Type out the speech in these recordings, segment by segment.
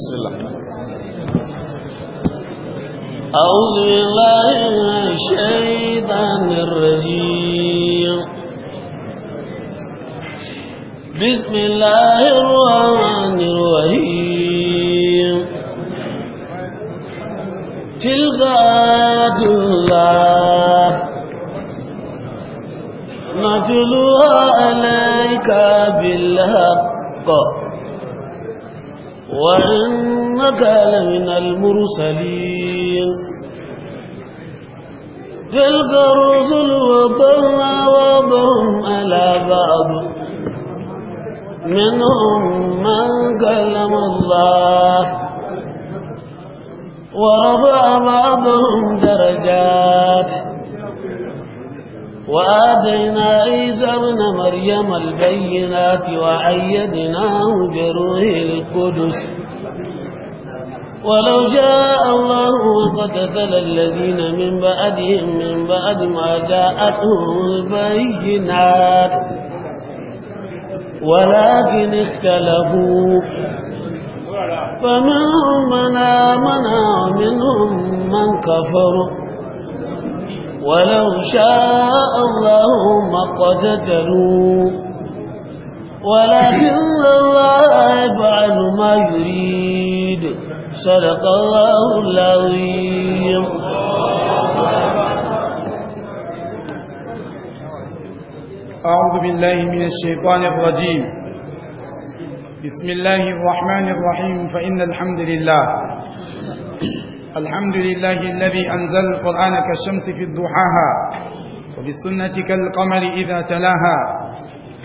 بسم الله أعوذ بالله من الشيطان الرجيم بسم الله الرحمن الرحيم تلك آيات الله نتلوها عليك بالحق وإنك لمن المرسلين تلك الرسل وبرنا وبهم على بعض منهم من كلم الله ورفع بعضهم درجات وآتينا عيسى ابن مريم البينات وأيدناه بروح القدس ولو شاء الله قتل الذين من بعدهم من بعد ما جاءتهم البينات ولكن اختلفوا فمنهم من آمن ومنهم من كفروا ولو شاء الله ما قتلوا ولكن الله يفعل ما يريد صدق الله العظيم أعوذ بالله من الشيطان الرجيم بسم الله الرحمن الرحيم فإن الحمد لله الحمد لله الذي أنزل القرآن كالشمس في الضحاها وبالسنة كالقمر إذا تلاها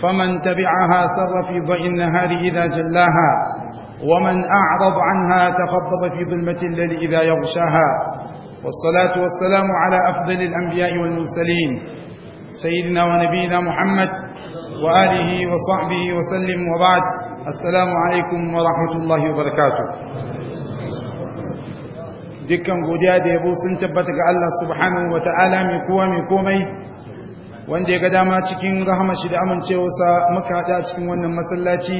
فمن تبعها سر في ضيء النهار إذا جلاها ومن أعرض عنها تخطب في ظلمة الليل إذا يغشاها والصلاة والسلام على أفضل الأنبياء والمرسلين سيدنا ونبينا محمد وآله وصحبه وسلم وبعد السلام عليكم ورحمة الله وبركاته dukkan godiya da yabo sun tabbata ga Allah subhanahu wa ta'ala mai kowa mai komai wanda ya ga dama cikin rahamashi da amincewarsa muka haɗa cikin wannan masallaci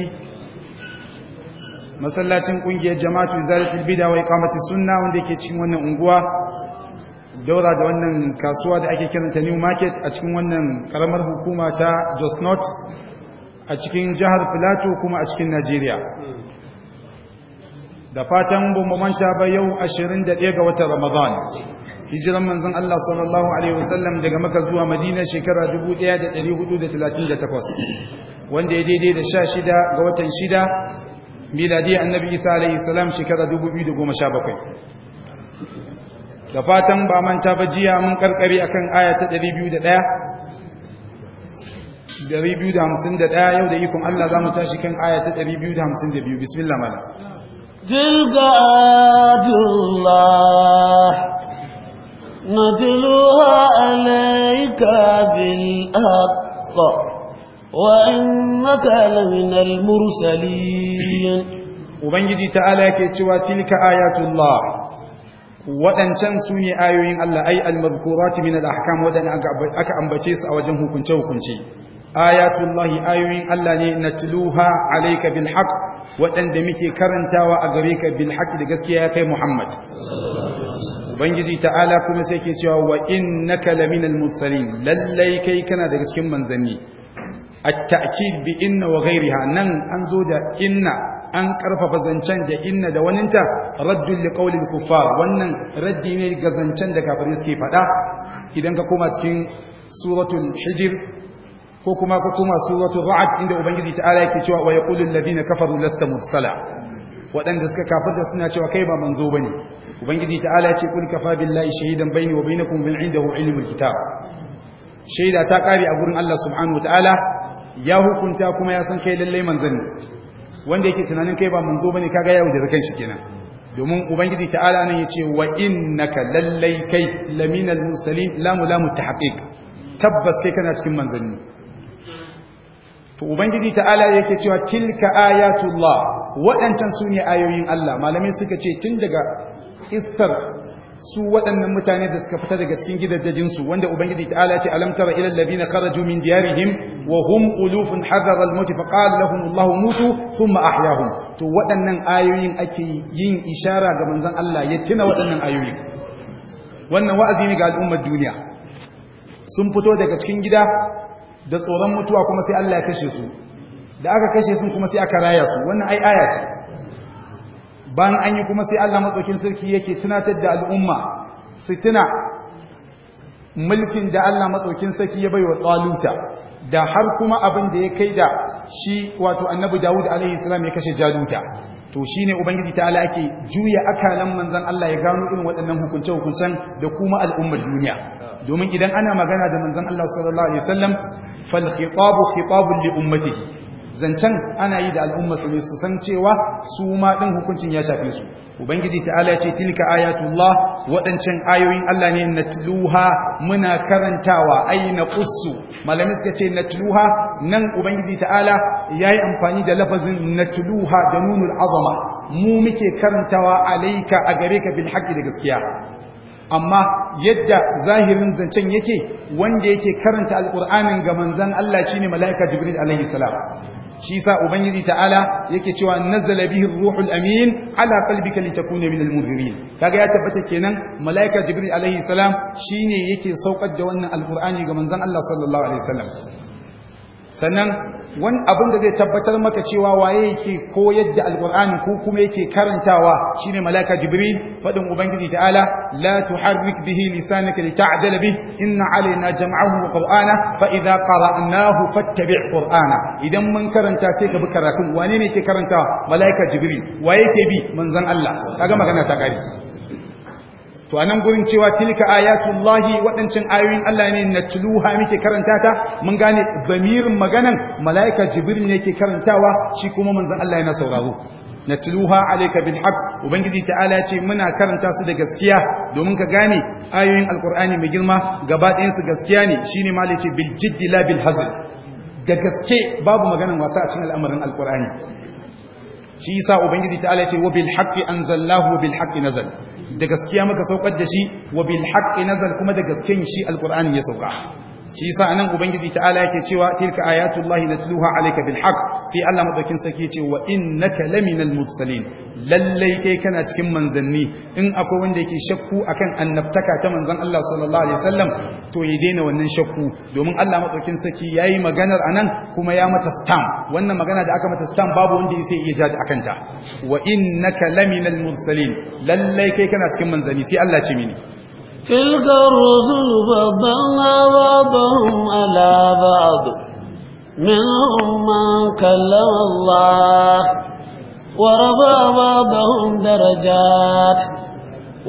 masallacin ƙungiyar jama'atu zalatul bida wa iqamati sunna wanda yake cikin wannan unguwa daura da wannan kasuwa da ake kiranta new market a cikin wannan karamar hukuma ta Jos North a cikin jihar Filato kuma a cikin Najeriya da fatan manta ba yau 21 ga watan Ramadan hijiran manzon Allah sallallahu alaihi wasallam daga Makka zuwa Madina shekara 1438 wanda ya daidai da 16 ga watan 6 miladi annabi Isa alaihi salam shekara 2017 da fatan ba manta ba jiya mun karkare akan aya ta 201 251 yau da ikon Allah za mu tashi kan aya ta 252 bismillah malam. تلك آيات الله نتلوها عليك بالحق وإنك لمن المرسلين Ubangiji ta'ala yake cewa tilka ayatullah waɗancan sune ne ayoyin Allah ai al-madhkurati min al-ahkam waɗanda aka ambace su a wajen hukunce hukunce ayatullahi ayoyin Allah ne natluha alayka bil waɗanda muke karantawa a gare ka bil haqqi da gaskiya ya kai Muhammad ubangiji ta'ala kuma sai ke cewa wa innaka laminal mursalin lallai kai kana daga cikin manzanni at-ta'kid bi inna wa ghayriha nan an zo da inna an karfafa zancen da inna da waninta raddul liqawlil kuffar wannan raddi ne ga zancen da kafirai suke fada idan ka koma cikin suratul hijr ko kuma ka koma suratu ra'd inda ubangiji ta'ala yake cewa wa yaqulu alladhina kafaru lasta mursala wadanda suka kafirta suna cewa kai ba manzo bane ubangiji ta'ala yace kul kafa billahi shahidan bayni wa bainakum min indahu ilmul kitab shaida ta kare a gurin Allah subhanahu wa ta'ala ya hukunta kuma ya san kai lallai manzon ne wanda yake tunanin kai ba manzo bane kaga ya da kan shi kenan domin ubangiji ta'ala nan yace wa innaka lallai kai laminal mursalin lamu lamu tahqiq tabbas kai kana cikin manzanni to ubangiji ta'ala yake cewa tilka ayatullah waɗancan su ne ayoyin Allah malamai suka ce tun daga kissar su waɗannan mutane da suka fita daga cikin gidajen su wanda ubangiji ta'ala ce alam tara ila alladhina kharaju min diyarihim wa hum ulufun hadara al fa qala lahum Allah mutu thumma ahyahum to waɗannan ayoyin ake yin ishara ga manzon Allah ya tuna waɗannan ayoyin wannan wa'azi ne ga al'ummar duniya sun fito daga cikin gida da tsoron mutuwa kuma sai Allah ya kashe su da aka kashe sun kuma sai aka raya su wannan ai aya ce bayan an yi kuma sai Allah matsokin sarki yake tunatar da al'umma su tuna mulkin da Allah matsokin sarki ya baiwa tsaluta da har kuma abin da ya kai da shi wato annabi Dawud alaihi salam ya kashe jaluta to shine ubangiji ta'ala ake juya akalan manzon Allah ya gano irin waɗannan hukunce hukuncen da kuma al'ummar duniya domin idan ana magana da manzon Allah sallallahu alaihi wasallam fal khitabu khitabun li ummatihi zancan ana yi da al'ummar su ne su san cewa su ma din hukuncin ya shafe su ubangiji ta'ala ya ce tilka ayatullah wadancan ayoyin Allah ne natluha muna karantawa ayna qussu malami suka ce natluha nan ubangiji ta'ala yayi amfani da lafazin natluha da nunul azama mu muke karantawa alaika a gare ka bil haqqi da gaskiya amma yadda zahirin zancen yake wanda yake karanta alƙur'anin ga manzan Allah shine mala'ika jibril alaihi salam shi yasa ubangiji ta'ala yake cewa nazzala bihi ruhul amin ala qalbika litakuna minal munzirin kaga ya tabbata kenan mala'ika jibril alaihi salam shine yake saukar da wannan alƙur'ani ga manzan Allah sallallahu alaihi wasallam sannan wani abin da zai tabbatar maka cewa waye yake koyar da alkur'ani ko kuma yake karantawa shine malaika jibril fadin ubangiji ta'ala la tuharrik bihi lisanaka lita'dal bih inna alaina jam'ahu wa qur'ana fa idza qara'nahu fattabi' qur'ana idan mun karanta sai ka bi karatun wane ne yake karantawa malaika jibril waye yake bi manzon Allah kaga magana ta kare to anan gurin cewa tilka ayatullahi waɗancan ayoyin Allah ne na tuluha muke karanta ta mun gane bamirin maganan mala'ika jibril ne yake karantawa shi kuma manzon Allah yana sauraro na tuluha alayka bil haqq ubangiji ta'ala ce muna karanta su da gaskiya domin ka gane ayoyin alqur'ani mai girma gaba ɗayan su gaskiya ne shine ma ce bil jiddi la bil da gaske babu maganan wasa a cikin al'amarin alqur'ani shi yasa ubangiji ta'ala ya ce wa bil haqqi wa bil haqqi nazal da gaskiya muka saukar da shi wa bil haqqi nazal kuma da gaskiyan shi alqur'ani ya sauka shi yasa anan ubangiji ta'ala yake cewa tilka ayatullahi natluha alayka bil haqq sai Allah madaukin saki ce, wa innaka laminal mursalin lalle kai kana cikin manzanni in akwai wanda yake shakku akan annabtaka ta manzon Allah sallallahu alaihi wasallam to ya daina wannan shakku domin Allah madaukin saki yayi maganar anan kuma ya mata stamp wannan magana da aka mata stam babu wanda yake iya ja da akanta wa innaka laminal mursalin lalle kai kana cikin manzanni sai Allah ce mini تلك الرسل فضلنا بعضهم على بعض منهم من كلم الله ورفع بعضهم درجات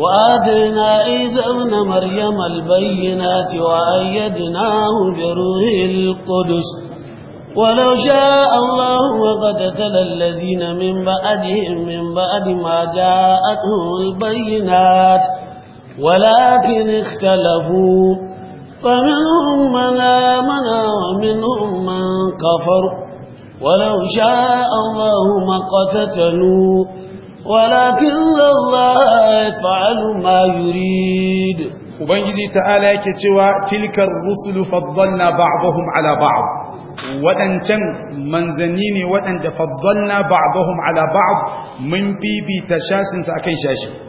وآتينا عيسى ابن مريم البينات وأيدناه بروح القدس ولو شاء الله وقتتل الذين من بعدهم من بعد ما جاءتهم البينات ولكن اختلفوا فمنهم من آمن ومنهم من كفر ولو شاء الله ما قتتلوا ولكن الله يفعل ما يريد ubangiji ta'ala yake cewa tilkar rusulu faddalna ba'dahum ala ba'd waɗancan manzanni ne wadanda ba'a ba'dahum ala ba'd mun bibita shashin sa akan sashe.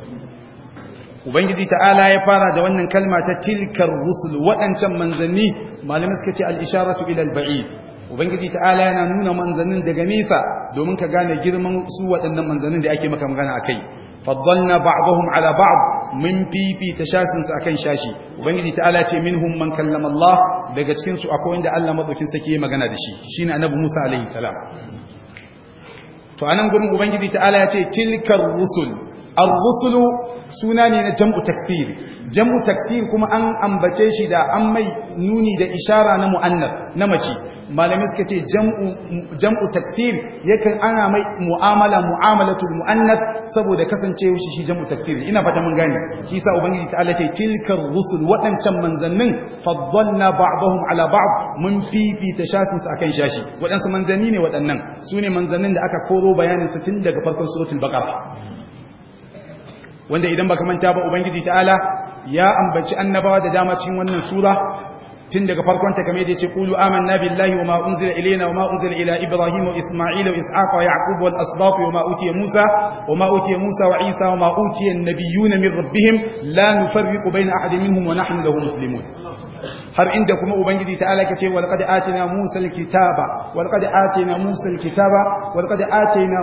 ubangiji ta'ala ya fara da wannan kalma ta tilkar rusul waɗancan manzanni malamai suka ce al-isharatu ila al-ba'id ubangiji ta'ala yana nuna manzannin daga nesa domin ka gane girman su waɗannan manzannin da ake maka magana akai faddalna ba'dahum ala ba'd min fifita shasin su akan shashi ubangiji ta'ala ce minhum man kallama Allah daga cikin su akwai wanda Allah madaukin sake magana da shi shine annabi Musa alaihi salam to anan gurin ubangiji ta'ala ya ce tilkar rusul ar-rusulu suna ne na jam'u taksir jam'u taksir kuma an ambace shi da an mai nuni da ishara na mu'annas na mace malami suka ce jam'u taksir yakan ana mai mu'amala mu'amalatul mu'annas saboda kasance shi shi jam'u taksir ina fata mun gane shi sa ubangiji ta ce tilkar rusul waɗancan manzannin faddalna ba'dahum ala ba'd mun fifita shasin su akan shashi waɗansu manzanni ne waɗannan su ne manzannin da aka koro bayanin su tun daga farkon suratul baqara wanda idan baka manta ba ubangiji ta'ala ya ambaci annabawa da dama cikin wannan sura tun daga farkon ta kamar da yace qulu amanna billahi wama unzila ilayna wama unzila ila ibrahim wa isma'il wa ishaqa wa yaqub wal asbaq wama utiya musa wama utiya musa wa isa wama utiya an-nabiyyuna min rabbihim la nufarriqu bayna ahadin minhum wa nahnu lahu muslimun har inda kuma ubangiji ta alaka ce wal qad atina musa alkitaba wal atina musa alkitaba wal atina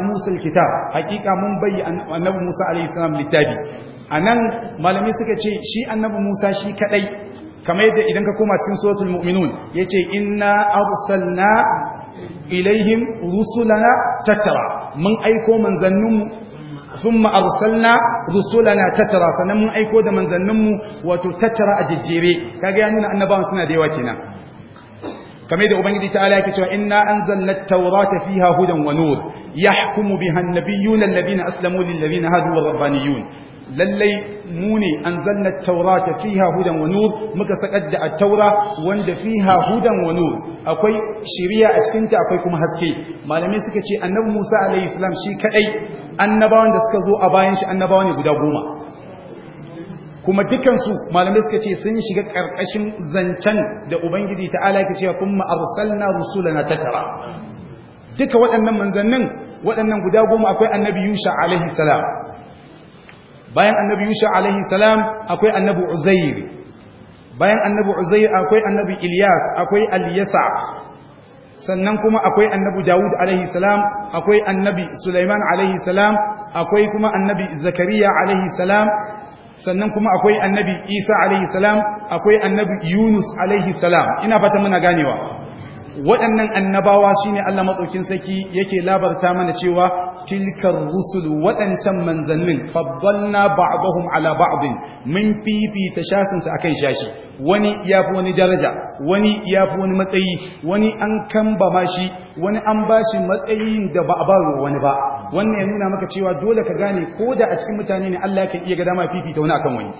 hakika mun bayyana annabi musa alayhi salam littafi anan malami suka ce shi annabi musa shi kadai kamar yadda idan ka koma cikin suratul mu'minun yace inna arsalna ilaihim rusulana tattara mun aiko manzanninmu thumma arsalna rusulana tatara sannan mun aiko da manzanninmu wato tattara a jejjere ga ya nuna annabawan suna da yawa kenan kamar da ubangiji ta alaka cewa inna anzalna at-taurata fiha hudan wa nur yahkumu biha an-nabiyyun alladhina aslamu lil-ladhina hadu war-rabbaniyun lallai mu ne anzalna at-taurata fiha hudan wa muka sakar da at-taura wanda fiha hudan wa akwai shiriya a cikinta akwai kuma haske malamai suka ce annabi Musa alaihi shi kadai annabawan da suka zo a bayan shi annabawa ne guda goma kuma dukansu malamai suka ce sun shiga ƙarƙashin zancen da ubangiji ta'ala ke cewa kuma arsalna rusulana tara. duka waɗannan manzannin waɗannan guda goma akwai annabi yusha alaihi salam bayan annabi yusha alaihi salam akwai annabi uzair bayan annabi uzair akwai annabi ilyas akwai al-yasa sannan kuma akwai annabi Dawud alaihi salam akwai annabi Sulaiman alaihi salam akwai kuma annabi Zakariya alaihi salam sannan kuma akwai annabi Isa alaihi salam akwai annabi Yunus alaihi salam ina fata muna ganewa waɗannan annabawa shine Allah madaukin saki yake labarta mana cewa tilkar rusul waɗancan manzannin faddalna ba'dahum ala ba'din min fifita shasin a akan shashi wani fi wani daraja wani fi wani matsayi wani an kamba shi wani an bashi matsayin da ba a ba wani ba wannan ya nuna maka cewa dole ka gane ko da a cikin mutane ne Allah kan iya ga dama fifita wani akan wani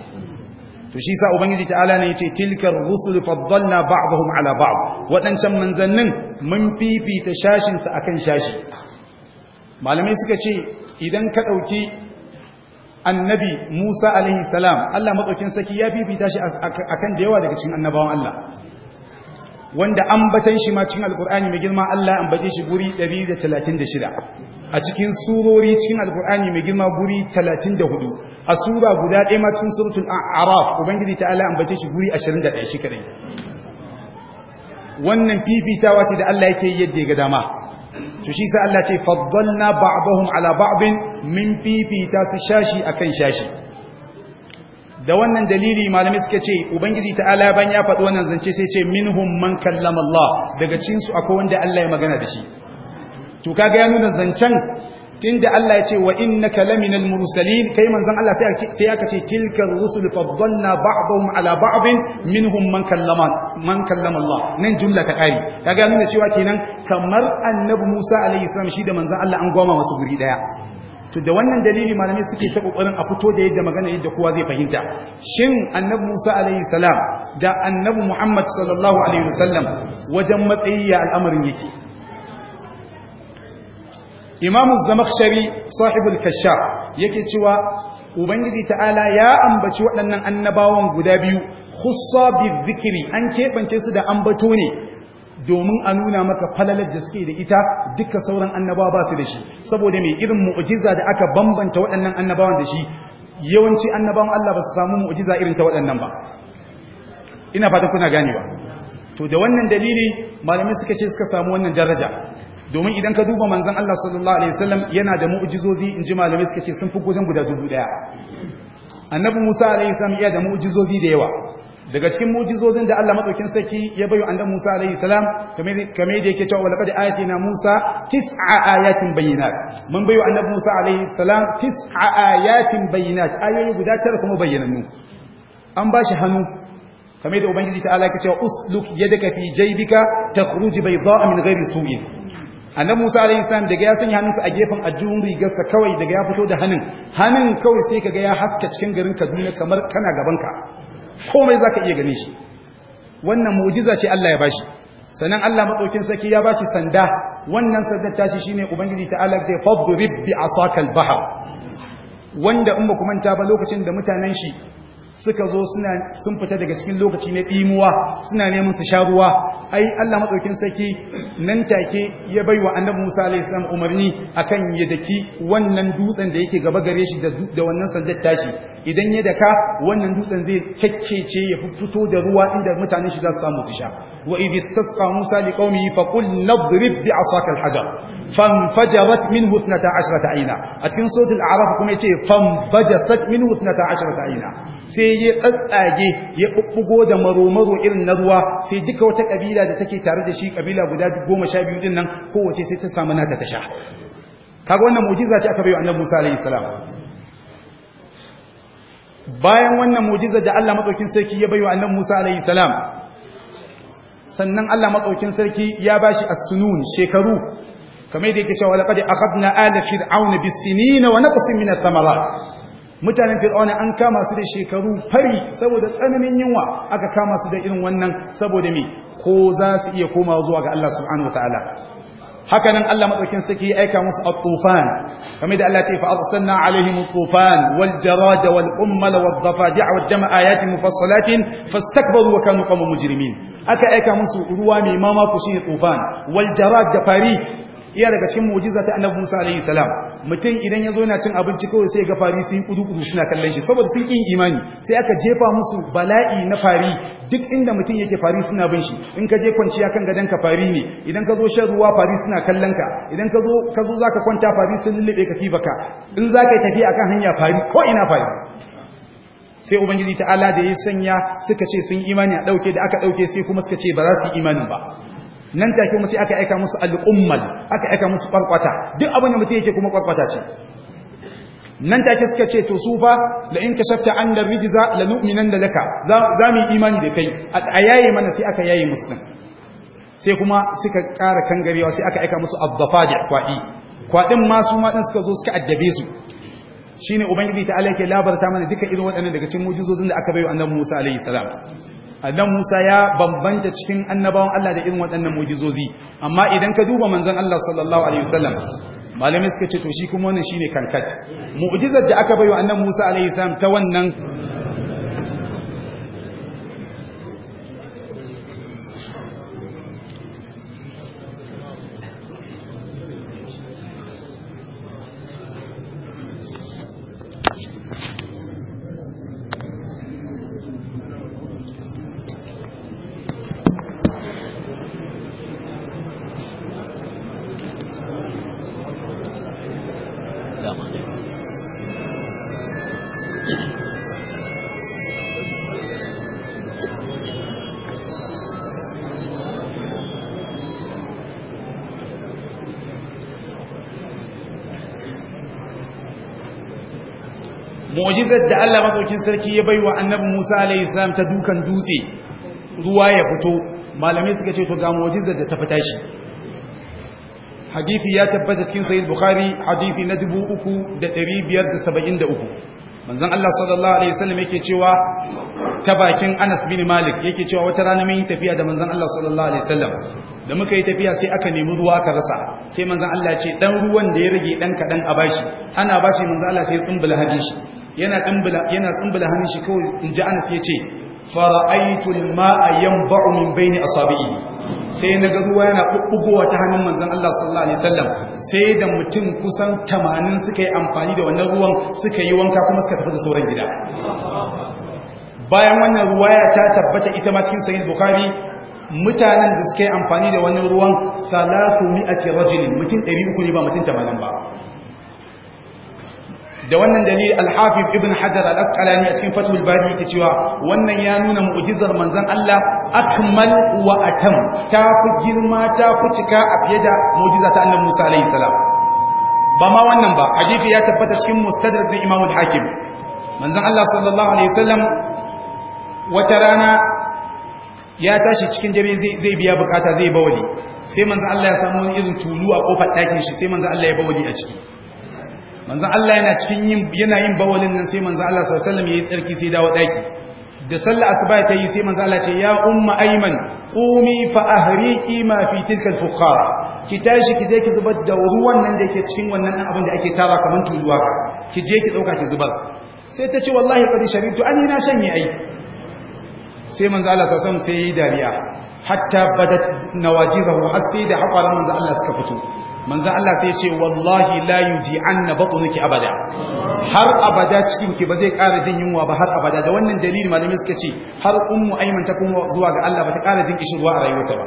to shi sa ubangiji ta'ala ne yace tilkar rusul faddalna ba'dahum ala ba'd wadancan manzannin mun fifita shashin sa akan shashi malamai suka ce idan ka dauki annabi Musa alaihi salam Allah madaukin saki ya fifita shi akan da yawa daga cikin annabawan Allah wanda ambatan shi ma cikin alkur'ani mai girma Allah ambace shi guri 136 a cikin surori cikin alkur'ani mai girma guri 34 a sura guda ɗaya ma cikin suratul a'raf ubangiji ta ala ambace shi guri 21 shi kadai wannan fifitawa ce da Allah yake yadda ga dama to shi sa Allah ce faddalna ba'dahum ala ba'din min fifita su shashi akan shashi da wannan dalili malamai suka ce ubangiji ta'ala ban ya faɗi wannan zance sai ce minhum man kallama Allah daga cikin su akwai wanda Allah ya magana da shi to kaga ya nuna zancen tunda Allah ya ce wa innaka laminal mursalin kai manzon Allah sai aka ce tilka rusul faddalna ba'dahum ala ba'din minhum man kallama man kallama Allah nan jumla ta kare kaga nuna cewa kenan kamar annabi Musa alaihi salam shi da manzon Allah an goma masu guri daya to da wannan dalili malamai suke ta kokarin a fito da yadda magana yadda kowa zai fahimta shin annabi Musa alaihi salam da annabi Muhammad sallallahu alaihi wasallam wajen matsayi ya al'amarin yake imamu zamakshari sahibul kashaf yake cewa ubangiji ta'ala ya ambaci waɗannan annabawan guda biyu khussa bizikri an keɓance su da ambato ne domin a nuna maka falalar da suke da ita duka sauran annabawa ba su da shi saboda mai irin mu'jiza da aka bambanta waɗannan annabawan da shi yawanci annabawan Allah ba su samu mu'jiza irin ta waɗannan ba ina fatan kuna ganewa to da wannan dalili malamai suka ce suka samu wannan daraja domin idan ka duba manzan Allah sallallahu alaihi wasallam yana da mu'ujizozi in ji malamai suka ce sun fi kusan guda dubu daya annabi Musa alaihi salam iya da mu'ujizozi da yawa daga cikin mu'ujizozin da Allah madaukin Sarki ya bayo annabi Musa alaihi salam kame kamar da yake cewa wa laqad ayatina Musa tis'a ayatin bayyinat mun bayo annabi Musa alaihi salam tis'a ayatin bayyinat ayoyi guda tara kuma bayyanannu an bashi hannu kame da ubangiji ta alaka cewa usluk yadaka fi jaybika takhruj bayda'a min ghairi su'in annabi Musa alaihi salam daga ya sanya hannunsa a gefen ajihun rigarsa kawai daga ya fito da hannun hannun kawai sai kaga ya haska cikin garin Kaduna kamar kana gaban ka. komai zaka iya gane shi wannan mu'jiza ce Allah ya bashi sannan Allah madaukin saki ya bashi sanda wannan sandar shi shine ubangiji ta ta'ala zai fadrib bi asakal bahr wanda in ba ku manta ba lokacin da mutanen shi suka zo suna sun fita daga cikin lokaci na ɗimuwa suna neman su sha ruwa ai Allah madaukin saki nan take ya bai wa annabi Musa alayhi salam umarni akan ya daki wannan dutsen da yake gaba gare shi da wannan sandar tashi idan ya daka wannan dutsen zai kekkece ya fito da ruwa inda mutane shi za su samu su sha wa idh istasqa musa liqaumihi fa qul nadrib bi asaka alhajar fanfajarat minhu 12 aina. a cikin suratul a'raf kuma yace fanfajasat minhu 12 aina. sai ya tsatsage ya bubbugo da maromaro irin na ruwa sai duka wata kabila da take tare da shi kabila guda 12 din nan kowace sai ta samu nata ta sha kaga wannan mu'jiza ce aka bayo annabi Musa alaihi salam bayan wannan mujizar da Allah madaukin sarki ya baiwa annan Musa alayhi salam sannan Allah madaukin sarki ya bashi as-sunun shekaru kamar yadda yake cewa laqad akhadna ala fir'auna bis-sinin wa naqsin min ath-thamarat mutanen fir'auna an kama su da shekaru fari saboda tsananin yunwa aka kama su da irin wannan saboda me ko za su iya komawa zuwa ga Allah subhanahu ta'ala haka nan Allah madaukin saki ya aika musu at-tufan kamar da Allah ya ce fa arsalna alaihim at-tufan wal jarad wal ummal wad dafadi'a wad dama ayatin mufassalatin fastakbaru wa kanu qawman mujrimin aka aika musu ruwa mai mama shi shine tufan wal jarad da fari iya daga cikin mu'jiza ta annabi Musa alayhi salam mutum idan ya zo yana cin abinci kawai sai ga fari sun kudu kudu suna kallon shi saboda sun kin imani sai aka jefa musu bala'i na fari duk inda mutum yake fari suna bin shi in ka je kwanciya kan gadon ka fari ne idan ka zo shan ruwa fari suna kallon ka idan ka zo ka kwanta fari sun lullube ka baka in zaka yi tafiya akan hanya fari ko ina fari sai ubangiji ta'ala da ya sanya suka ce sun imani a ɗauke da aka ɗauke sai kuma suka ce ba za su yi imanin ba nan take kuma sai aka aika musu al'ummal aka aika musu kwarkwata duk abin da mutum yake kuma kwarkwata ce nan take suka ce to su fa la in kashafta an da rijza la nu'minan da laka za mu yi imani da kai a yayi mana sai aka yayi musu sai kuma suka ƙara kangarewa sai aka aika musu abdafaji kwaɗi kwaɗin ma su ma ɗin suka zo suka addabe su shine ubangiji ta alaike labarta mana duka irin waɗannan daga cikin mujizozin da aka bayo annabi Musa alaihi salam annan Musa ya bambanta cikin annabawan Allah da irin waɗannan mujizozi amma idan ka duba manzon Allah sallallahu alaihi wasallam malamai suka ce to shi kuma wannan shine kankat mu'jizar da aka bayo annan Musa alaihi salam ta wannan da Allah masaukin sarki ya baiwa annabi Musa alayhi salam ta dukan dutse ruwa ya fito malamai suka ce to ga mu'jizar da ta fita shi hadisi ya tabbata cikin sahih bukhari hadisi na 3573 manzon Allah sallallahu alaihi wasallam yake cewa ta bakin Anas bin Malik yake cewa wata rana mun tafiya da manzon Allah sallallahu alaihi wasallam da muka yi tafiya sai aka nemi ruwa ka rasa sai manzon Allah ce dan ruwan da ya rage dan kadan a bashi ana bashi manzon Allah sai tsumbula hadin shi yana dumbula tsumbula hannun shi kawai in ji anas ya ce al-ma'a yanba'u min a asabi'i sai na ga ruwa yana bubbugowa ta hannun manzon Allah sallallahu alaihi wasallam sai da mutum kusan 80 suka yi amfani da wannan ruwan suka yi wanka kuma suka tafi da sauran gida bayan wannan ruwaya ta tabbata ita ma cikin sahih bukhari mutanen da suka yi amfani da wannan ruwan salatu mi'ati rajulin mutum 300 ne ba mutum 80 ba da wannan dalil al-hafiz ibn hajar al-asqalani a cikin fathul bari yake cewa wannan ya nuna mu'jizar manzon Allah akmal wa atam ta fi girma ta fi cika a fiye da mu'jiza ta annabi Musa alaihi salam ba ma wannan ba hadisi ya tabbata cikin mustadrak na Imam al-Hakim manzon Allah sallallahu alaihi wasallam wata rana ya tashi cikin dare zai biya bukata zai bawali sai manzon Allah ya samu irin tulu a kofar ɗakin shi sai manzon Allah ya bawali a ciki Manza Allah yana cikin yin yana yin bawalin nan sai manzon Allah sallallahu alaihi wasallam yayi tsarki sai dawo daki da sallar asuba ta yi sai manzon Allah ce ya umma ayman qumi fa ahriqi ma fi tilka al-fuqara ki tashi ki je ki zubar da ruwan nan da yake cikin wannan abin da ake tara kaman tuluwa ki je ki dauka ki zubar sai ta ce wallahi qad sharitu ani na shanye ai sai manzo Allah ta san sai yi dariya hatta badat nawajibahu har sai da haƙwaran manza Allah suka fito Manzan Allah sai ce wallahi la na anna nake abada har abada cikin ki ba zai kara jin yunwa ba har abada da wannan dalilin malami suka ce har ummu aiman ta kuma zuwa ga Allah ba ta ƙara jin kishin ruwa a rayuwarta ba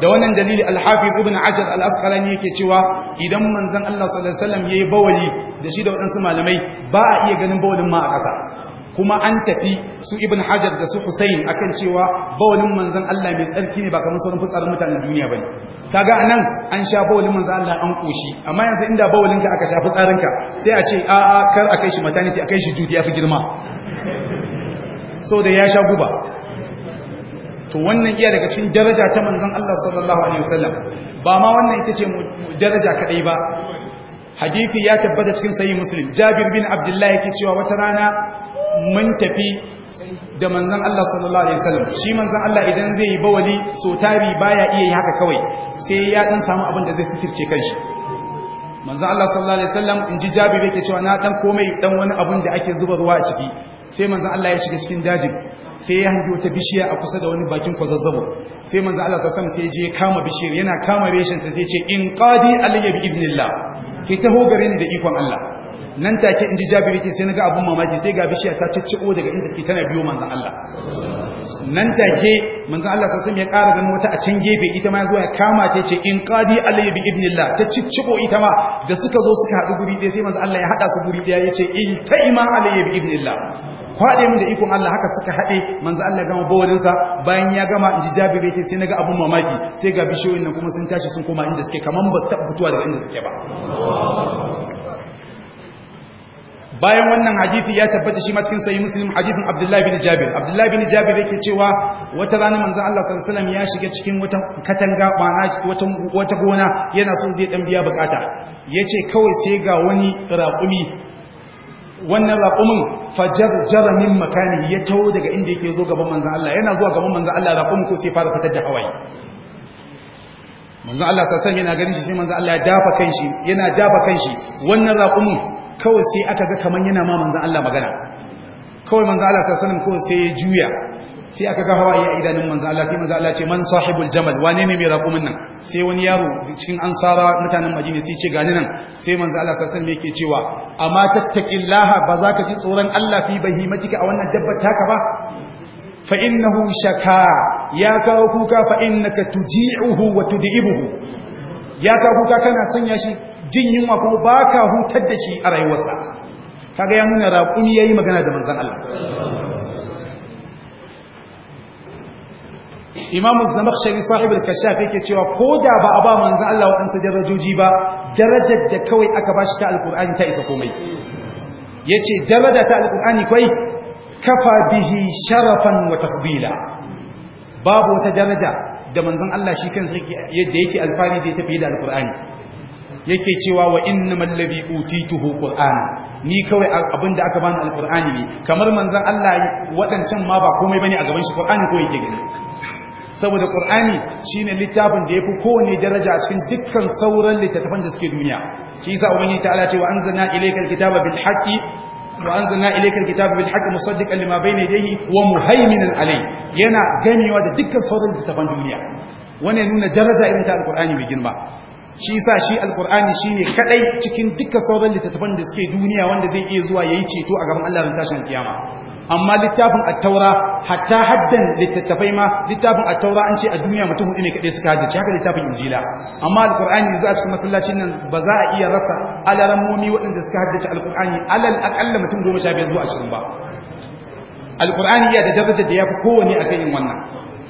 da wannan dalili alhafi, ibn hajar al-asqalani yake cewa idan manzan Allah sallallahu alaihi wasallam yayi bawali da shi da waɗansu malamai ba a iya ganin bawalin ma a ƙasa kuma an tafi su ibn hajar da su husayn akan cewa bawalin manzon Allah mai tsarki ne ba kamar sauran fitsarin mutanen duniya bane kaga anan an sha bawalin manzon Allah an koshi amma yanzu inda bawalinka aka sha fitsarinka sai a ce a a kar a kai shi mataniti a kai shi duty ya fi girma so da ya sha guba to wannan iya daga cikin daraja ta manzon Allah sallallahu alaihi wasallam ba ma wannan ita ce daraja kadai ba hadithi ya tabbata cikin sahih muslim jabir bin abdullahi yake cewa wata rana mun tafi da manzan Allah sallallahu alaihi wasallam shi manzan Allah idan zai yi bawali so tari baya iya yi haka kawai sai ya dan samu abin da zai sitirce kanshi Manzan Allah sallallahu alaihi wasallam in ji bai ke cewa na dan komai dan wani abin da ake zuba ruwa a ciki sai manzan Allah ya shiga cikin dajin sai ya hangi wata bishiya a kusa da wani bakin kwazazzabo sai manzan Allah ta sai je kama bishiyar yana kama reshen ta sai ce in qadi alayya bi idnillah ki taho gare ni da ikon Allah nan take in ji jabiri yake sai naga abun mamaki sai ga bishiya ta cicciko daga inda take tana biyo manzon Allah nan take manzon Allah sai ya ƙara ganin wata a can gefe ita ma ya zo ya kama ta ce in qadi alayhi bi ibnillah ta cicciko ita ma da suka zo suka haɗu guri ɗaya sai manzon Allah ya haɗa su guri ɗaya ya ce il ta'ima alayhi bi ibnillah kwaɗe min da ikon Allah haka suka haɗe manzo Allah gama bawalinsa bayan ya gama in ji jabiri yake sai naga abun mamaki sai ga bishiyoyin nan kuma sun tashi sun koma inda suke kaman ba su taɓa fitowa daga inda suke ba bayan wannan hadithi ya tabbata shi ma cikin sayi muslim hadithin abdullahi bin jabir abdullahi bin jabir yake cewa wata rana manzon Allah sallallahu alaihi ya shiga cikin wata katanga wata wata gona yana so zai dan biya bukata yace kawai sai ga wani raƙumi wannan raƙumin fajarjara min makani ya taho daga inda yake zo gaban manzon Allah yana zuwa gaban manzon Allah raƙumin ko sai fara fitar da hawaye manzon Allah sallallahu alaihi wasallam yana ganin shi sai manzon Allah ya dafa kanshi yana dafa kanshi wannan raƙumin kawai sai aka ga kaman yana ma manzan Allah magana kawai manzan Allah sanin kawai sai ya juya sai aka ga hawaye a idanun manzan Allah sai manzan Allah ce man sahibul jamal wane ne mai raƙumin nan sai wani yaro cikin ansara mutanen majini sai ce gani nan sai manzan Allah ta sanin me yake cewa amma tattaqillaha ba za ka ji tsoron Allah fi bahimatika a wannan dabbar taka ba fa innahu shaka ya kawo kuka fa innaka tuji'uhu wa tud'ibuhu ya kawo kuka kana sanya shi jin yunwa kuma ba ka hutar da shi a rayuwarsa kaga ya nuna raƙuni ya yi magana da manzan Allah imamu zamakshari sahib al-kashaf yake cewa ko da ba a ba manzan Allah waɗansa darajoji ba darajar da kawai aka ba shi ta alƙur'ani ta isa komai yace daraja ta alƙur'ani kai kafa bihi sharafan wa babu wata daraja da manzan Allah shi kansa yadda yake alfani da tafi da alƙur'ani yake cewa wa innamal ladhi utituhu qur'ana ni kawai abin da aka bani alqur'ani ne kamar manzon Allah wadancan ma ba komai bane a gaban shi qur'ani ko yake gani saboda qur'ani shine littafin da yafi kowane daraja a cikin dukkan sauran littattafan da suke duniya shi yasa ubangiji ta'ala ce wa anzalna ilaykal kitaba bil haqqi wa anzalna ilaykal kitaba bil haqqi musaddiqan lima bayna yadayhi wa muhaiminan alayhi yana ganewa da dukkan sauran littattafan duniya wannan nuna daraja irin ta alqur'ani mai girma shi sa shi alkur'ani shi ne kadai cikin duka sauran littattafan da suke duniya wanda zai iya zuwa ya yi ceto a gaban Allah tashin kiyama amma littafin taura hatta haddan littattafai ma littafin taura an ce a duniya mutum hudu ne kadai suka haddace haka littafin injila amma alkur'ani yanzu a cikin masallacin nan ba za a iya rasa alarammomi waɗanda suka haddace alkur'ani alal akalla mutum goma sha biyar zuwa ashirin ba alkur'ani iya da darajar da ya fi kowane a kan yin wannan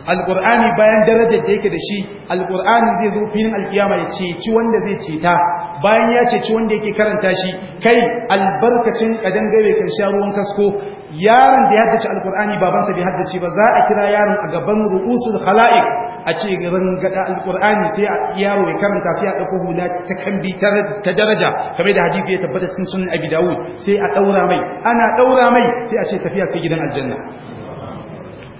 alqur'ani bayan darajar da yake da shi alqur'ani zai zo filin alkiyama ya ceci wanda zai ceta bayan ya ceci wanda yake karanta shi kai albarkacin kadan gare kan sha ruwan kasko yaron da ya haddace alqur'ani babansa bai haddace ba za a kira yaron a gaban ru'usul khalaiq a ce rangada alqur'ani sai yaro ya karanta sai a dauko hula ta kambi ta daraja kamar da hadisi ya tabbata cikin sunan abi dawud sai a ɗaura mai ana ɗaura mai sai a ce tafiya sai gidan aljanna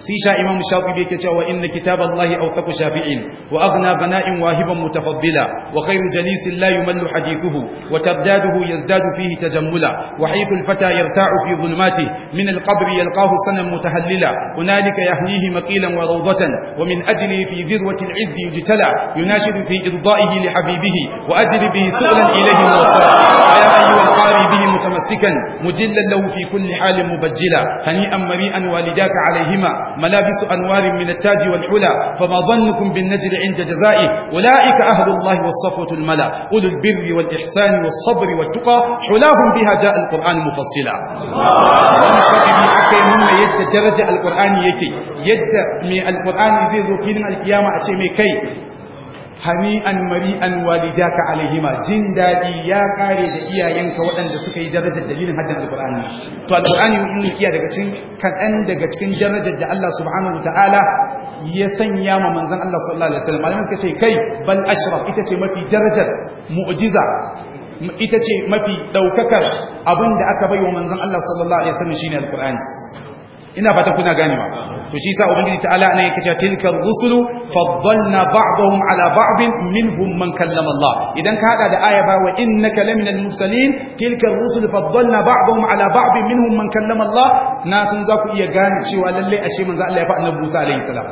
سيشا إمام الشاطبي كتشا وإن كتاب الله أوثق شافعين وأغنى بناء واهبا متفضلا وخير جليس لا يمل حديثه وتبداده يزداد فيه تجملا وحيث الفتى يرتاع في ظلماته من القبر يلقاه سنا متهللا هنالك يحنيه مقيلا وروضة ومن أجله في ذروة العز يجتلى يناشد في إرضائه لحبيبه وأجل به سؤلا إليه موصلا ويا أيها القاري به متمسكا مجلا له في كل حال مبجلا هنيئا مريئا والداك عليهما ملابس أنوار من التاج والحلى فما ظنكم بالنجل عند جزائه أولئك أهل الله والصفوة الملا أولو البر والإحسان والصبر والتقى حلاهم بها جاء القرآن مفصلا يد درجة القرآن يكي يد من القرآن يزيزو كيلم القيامة أتي مي كي hami'an mari'an walidaka alaihima jin dadi ya kare da iyayenka waɗanda suka yi darajar dalilin hadin alqur'ani to alqur'ani mun iya daga cikin kadan daga cikin darajar da Allah subhanahu wataala ya sanya ma manzon Allah sallallahu alaihi wasallam malamin suka ce kai bal ashraf ita ce mafi darajar mu'jiza ita ce mafi daukakar abun da aka bai wa manzon Allah sallallahu alaihi wasallam shine alqur'ani ina fatan kuna ganewa to shi sa ubangiji ta'ala anan yake cewa tilkar rusulu faddalna ba'dahum ala ba'din minhum man kallama Allah idan ka hada da aya ba wa innaka laminal mursalin tilkar rusulu faddalna ba'dahum ala ba'din minhum man kallama Allah na san za ku iya gane cewa lalle ashe manzo Allah ya fa annabi Musa alaihi salam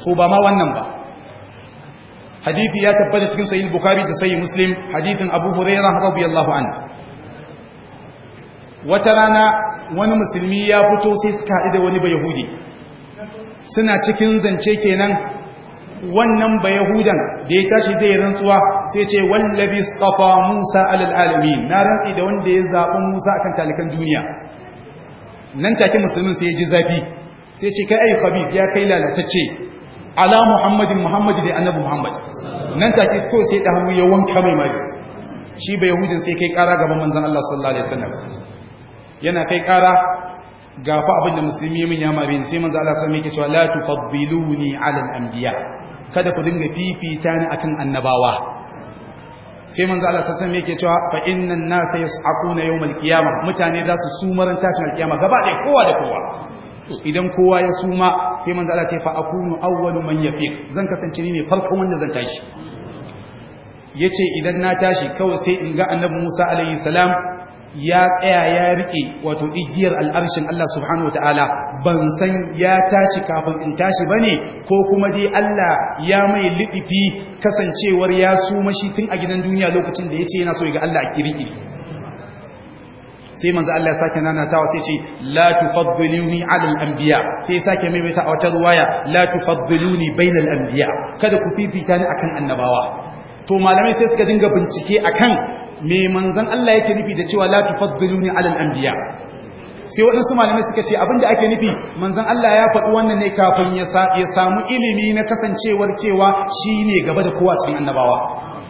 so ba ma wannan ba Hadithi ya tabbata cikin sahih bukhari da sahih muslim hadithin abu hurairah radiyallahu anhu wata rana wani musulmi ya fito sai suka haɗu da wani Bayahudi, suna cikin zance kenan wannan Bayahudan da ya tashi zai rantsuwa sai ce wallabi stafa musa alal na rantsi da wanda ya zaɓi musa akan talikan duniya nan take musulmin sai ya ji zafi sai ce kai ayi Habib ya kai lalatacce ala muhammadin muhammadi da annabi muhammad nan take to sai ɗan ya wanka mai shi bayahudin sai kai kara gaban manzon Allah sallallahu alaihi wasallam yana kai kara ga fa abinda musulmi min ya mare sai manzo Allah sai yake cewa la tufaddiluni ala al-anbiya kada ku dinga fifita ni akan annabawa sai manzo Allah sai yake cewa fa innan nasa yas'aquna yawm al-qiyamah mutane za su sumaran tashin al-qiyama gaba da kowa da kowa idan kowa ya suma sai manzo Allah ce fa akunu awwalu man yafiq zan kasance ni ne farkon wanda zan tashi yace idan na tashi kawai sai in ga annabi Musa alaihi salam ya tsaya ya rike wato igiyar al'arshin Allah subhanahu wataala ban san ya tashi kafin in tashi ba ne, ko kuma dai Allah ya mai lidifi kasancewar ya su mashi tun a gidan duniya lokacin da ya ce yana so ga Allah a kirkiri sai manzo Allah ya sake nanatawa sai ce la tufaddiluni ala al-anbiya sai sake maimaita a wata ruwaya la tufaddiluni bayna al-anbiya kada ku fifita ni akan annabawa to malamai sai suka dinga bincike akan Mai Manzan Allah yake nufi da cewa la tufaddiluni alal anbiya sai waɗansu malamai suka ce abinda ake nufi Manzan Allah ya faɗi wannan ne kafin ya samu ilimi na kasancewar cewa shi ne gaba da kowa cikin annabawa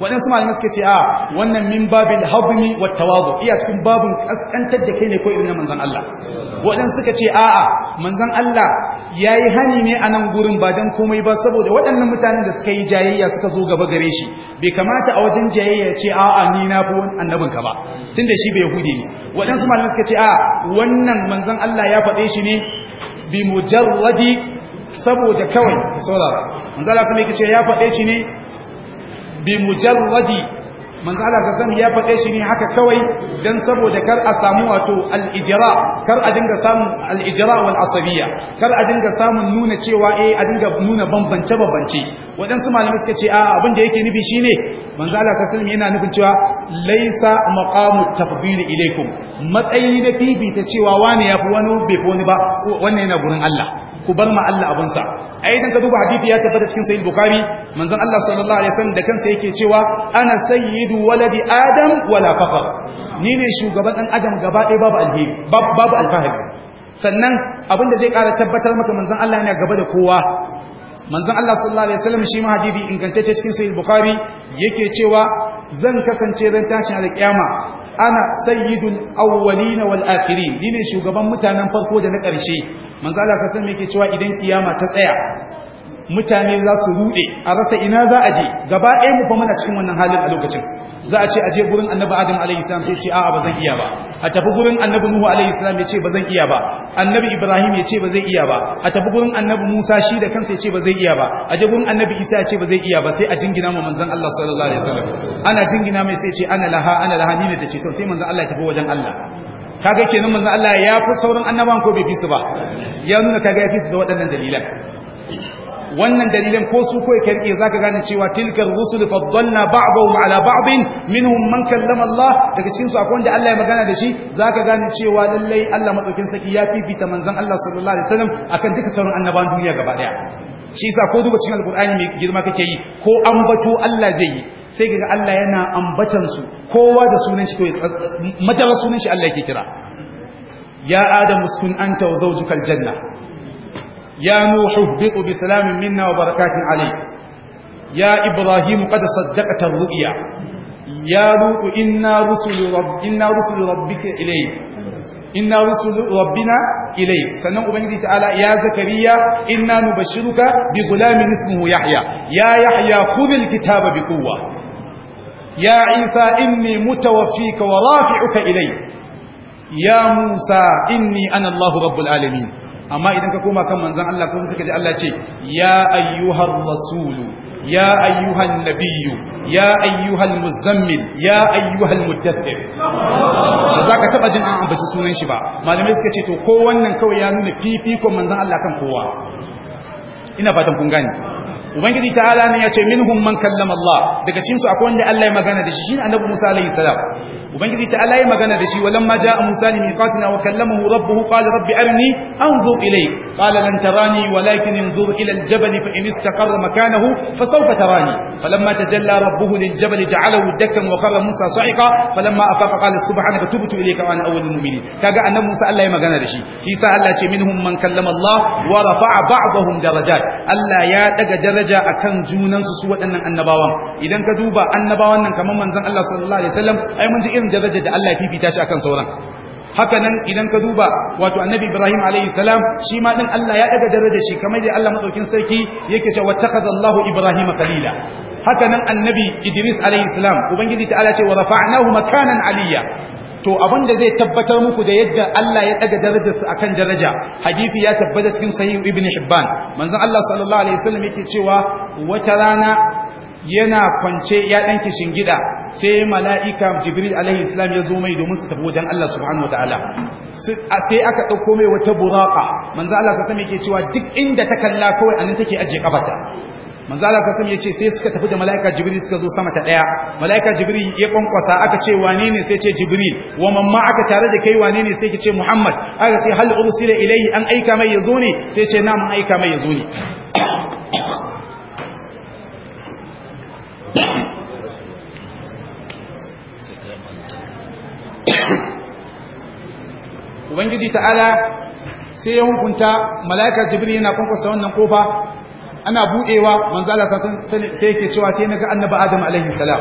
waɗansu malamai suka ce a wannan min babin haɗumi wa tawazu iya cikin babin ƙasƙantar da kai ne ko irin na manzan Allah waɗansu suka ce a'a manzan Allah ya yi hani ne a nan gurin ba don komai ba saboda waɗannan mutanen da suka yi jayayya suka zo gaba gare shi bai kamata a wajen jayayya ce a ni na fi annabin ka ba tun da shi bai hude ne waɗansu malamai suka ce a wannan manzon Allah ya faɗe shi ne bi mujarradi saboda kawai saurara manzon Allah kuma yake ce ya faɗe shi ne bi mujarradi manzo Allah ya faɗe shi ne haka kawai dan saboda kar a samu wato al-ijra kar a dinga samu al-ijra wal asabiyya kar a dinga samun nuna cewa eh a dinga nuna bambance bambance wadansu malamai suka ce a abin da yake nufi shine manzo Allah sallallahu yana nufin cewa laisa maqamu tafdil ilaikum matsayi da ta cewa wani yafi wani bai fi wani ba wannan yana gurin Allah ku bar ma Allah abinsa ai dan ka duba hadisi ya tabbata cikin sahih bukhari manzon Allah sallallahu alaihi wasallam da kansa yake cewa ana sayyidu waladi adam wala faqar ni ne shugaban dan adam gaba ɗaya babu alheri babu alfahari sannan abin da zai ƙara tabbatar maka manzon Allah yana gaba da kowa manzon Allah sallallahu alaihi wasallam shi ma hadisi ingantacce cikin sahih bukhari yake cewa zan kasance ran tashin alƙiyama ana sayyidul awwalin wal akhirin ni ne shugaban mutanen farko da na ƙarshe manzo Allah ka san me yake cewa idan kiyama ta tsaya mutane za su rude a rasa ina za a je gaba ɗaya mu fa muna cikin wannan halin a lokacin za a ce a je gurin annabi adam alaihi salam sai ce a'a ba zan iya ba a tafi gurin annabi nuhu alaihi salam ya ce ba zan iya ba annabi ibrahim ya ce ba zai iya ba a tafi gurin annabi musa shi da kansa ya ce ba zai iya ba a je gurin annabi isa ya ce ba zai iya ba sai a jingina ma manzon Allah sallallahu alaihi wasallam ana jingina mai sai ce ana laha ana laha ni ne da ce to sai manzon Allah ya tafi wajen Allah kaga kenan manzon Allah ya fi sauran annabawan ko bai fi su ba ya nuna kaga ya fi su da waɗannan dalilan wannan dalilin ko su kai karke zaka gane cewa tilkar rusul faddalna ba'dhum ala ba'din minhum man kallama Allah daga cikin su akwai wanda Allah ya magana da shi zaka gane cewa lallai Allah madaukin saki ya fifita manzon Allah sallallahu alaihi wasallam akan duka sauran annabawan duniya gaba daya shi yasa ko duba cikin alqur'ani mai girma kake yi ko ambato Allah zai yi sai kaga Allah yana ambatan su kowa da sunan shi madara sunan shi Allah yake kira ya adam uskun anta wa zawjuka aljanna يا نوح اهبط بسلام منا وبركات عليك يا إبراهيم قد صدقت الرؤيا يا لوط إنا رسل, رب إنا رسل ربك إليك إنا رسل ربنا إليك سنن أبنجي تعالى يا زكريا إنا نبشرك بغلام اسمه يحيى يا يحيى خذ الكتاب بقوة يا عيسى إني متوفيك ورافعك إلي يا موسى إني أنا الله رب العالمين amma idan ka koma kan manzan Allah ko suka ji Allah ce ya ayyuhar rasulu ya ayyuhan nabiyyu ya ayyuhal muzammil ya ayyuhal muddathir ba za ka taba jin an ambaci sunan shi ba malamai suka ce to ko wannan kawai ya nuna fifikon manzan Allah kan kowa ina fatan kun gane ubangiji ta'ala ne ya ce minhum man kallama Allah daga cikin su akwai wanda Allah ya magana da shi shine annabi Musa alaihi salam ubangiji ta Allah ya magana da shi walan ma jaa musa li miqatina wa kallamahu rabbuhu qala rabbi arni anzur ilayk qala lan tarani walakin anzur ila aljabal fa in istaqarra makanahu fa sawfa tarani falamma tajalla rabbuhu liljabal ja'alahu dakkan wa qala musa sa'iqa falamma afaqa qala subhanaka tubtu ilayka wa ana awwalul mu'minin kaga annabi musa Allah ya magana da shi shi sa Allah ce minhum man kallama Allah wa rafa'a ba'dahum darajat Allah ya daga daraja akan junan su waɗannan annabawan idan ka duba annabawan nan kamar manzon Allah sallallahu alaihi wasallam ai mun ji irin darajar da Allah ya fifita shi akan sauran haka nan idan ka duba wato annabi ibrahim alayhi salam shi ma din Allah ya daga darajar shi kamar da Allah madaukin sarki yake cewa takaza Allahu ibrahim khalila haka nan annabi idris alayhi salam ubangiji ta ce wa rafa'nahu makanan aliyya to abin da zai tabbatar muku da yadda Allah ya daga darajar darajarsa akan daraja hadisi ya tabbata cikin sahih ibn hibban manzon Allah sallallahu alaihi wasallam yake cewa wata rana yana kwance ya kishin gida sai mala'ika jibril alaihi Islam ya zo mai domin su tafi wajen Allah subhanahu wataala sai aka ɗauko mai wata buraka manzo Allah sallallahu yake cewa duk inda ta kalla kawai anan take ajiye kabata manzo Allah sallallahu ya ce sai suka tafi da mala'ika jibril suka zo sama ta ɗaya. mala'ika jibril ya kwankwasa aka ce wane ne sai ce jibril wa mamma aka tare da kai wane ne sai ce muhammad aka ce hal ursila ilayhi an aika mai yazo ne sai ce na mun aika mai yazo ne ubangiji ta'ala sai ya hukunta mala'ika jibril yana kwankwasa wannan kofa ana budewa manzo Allah sai yake cewa sai naga annabi adam alaihi salam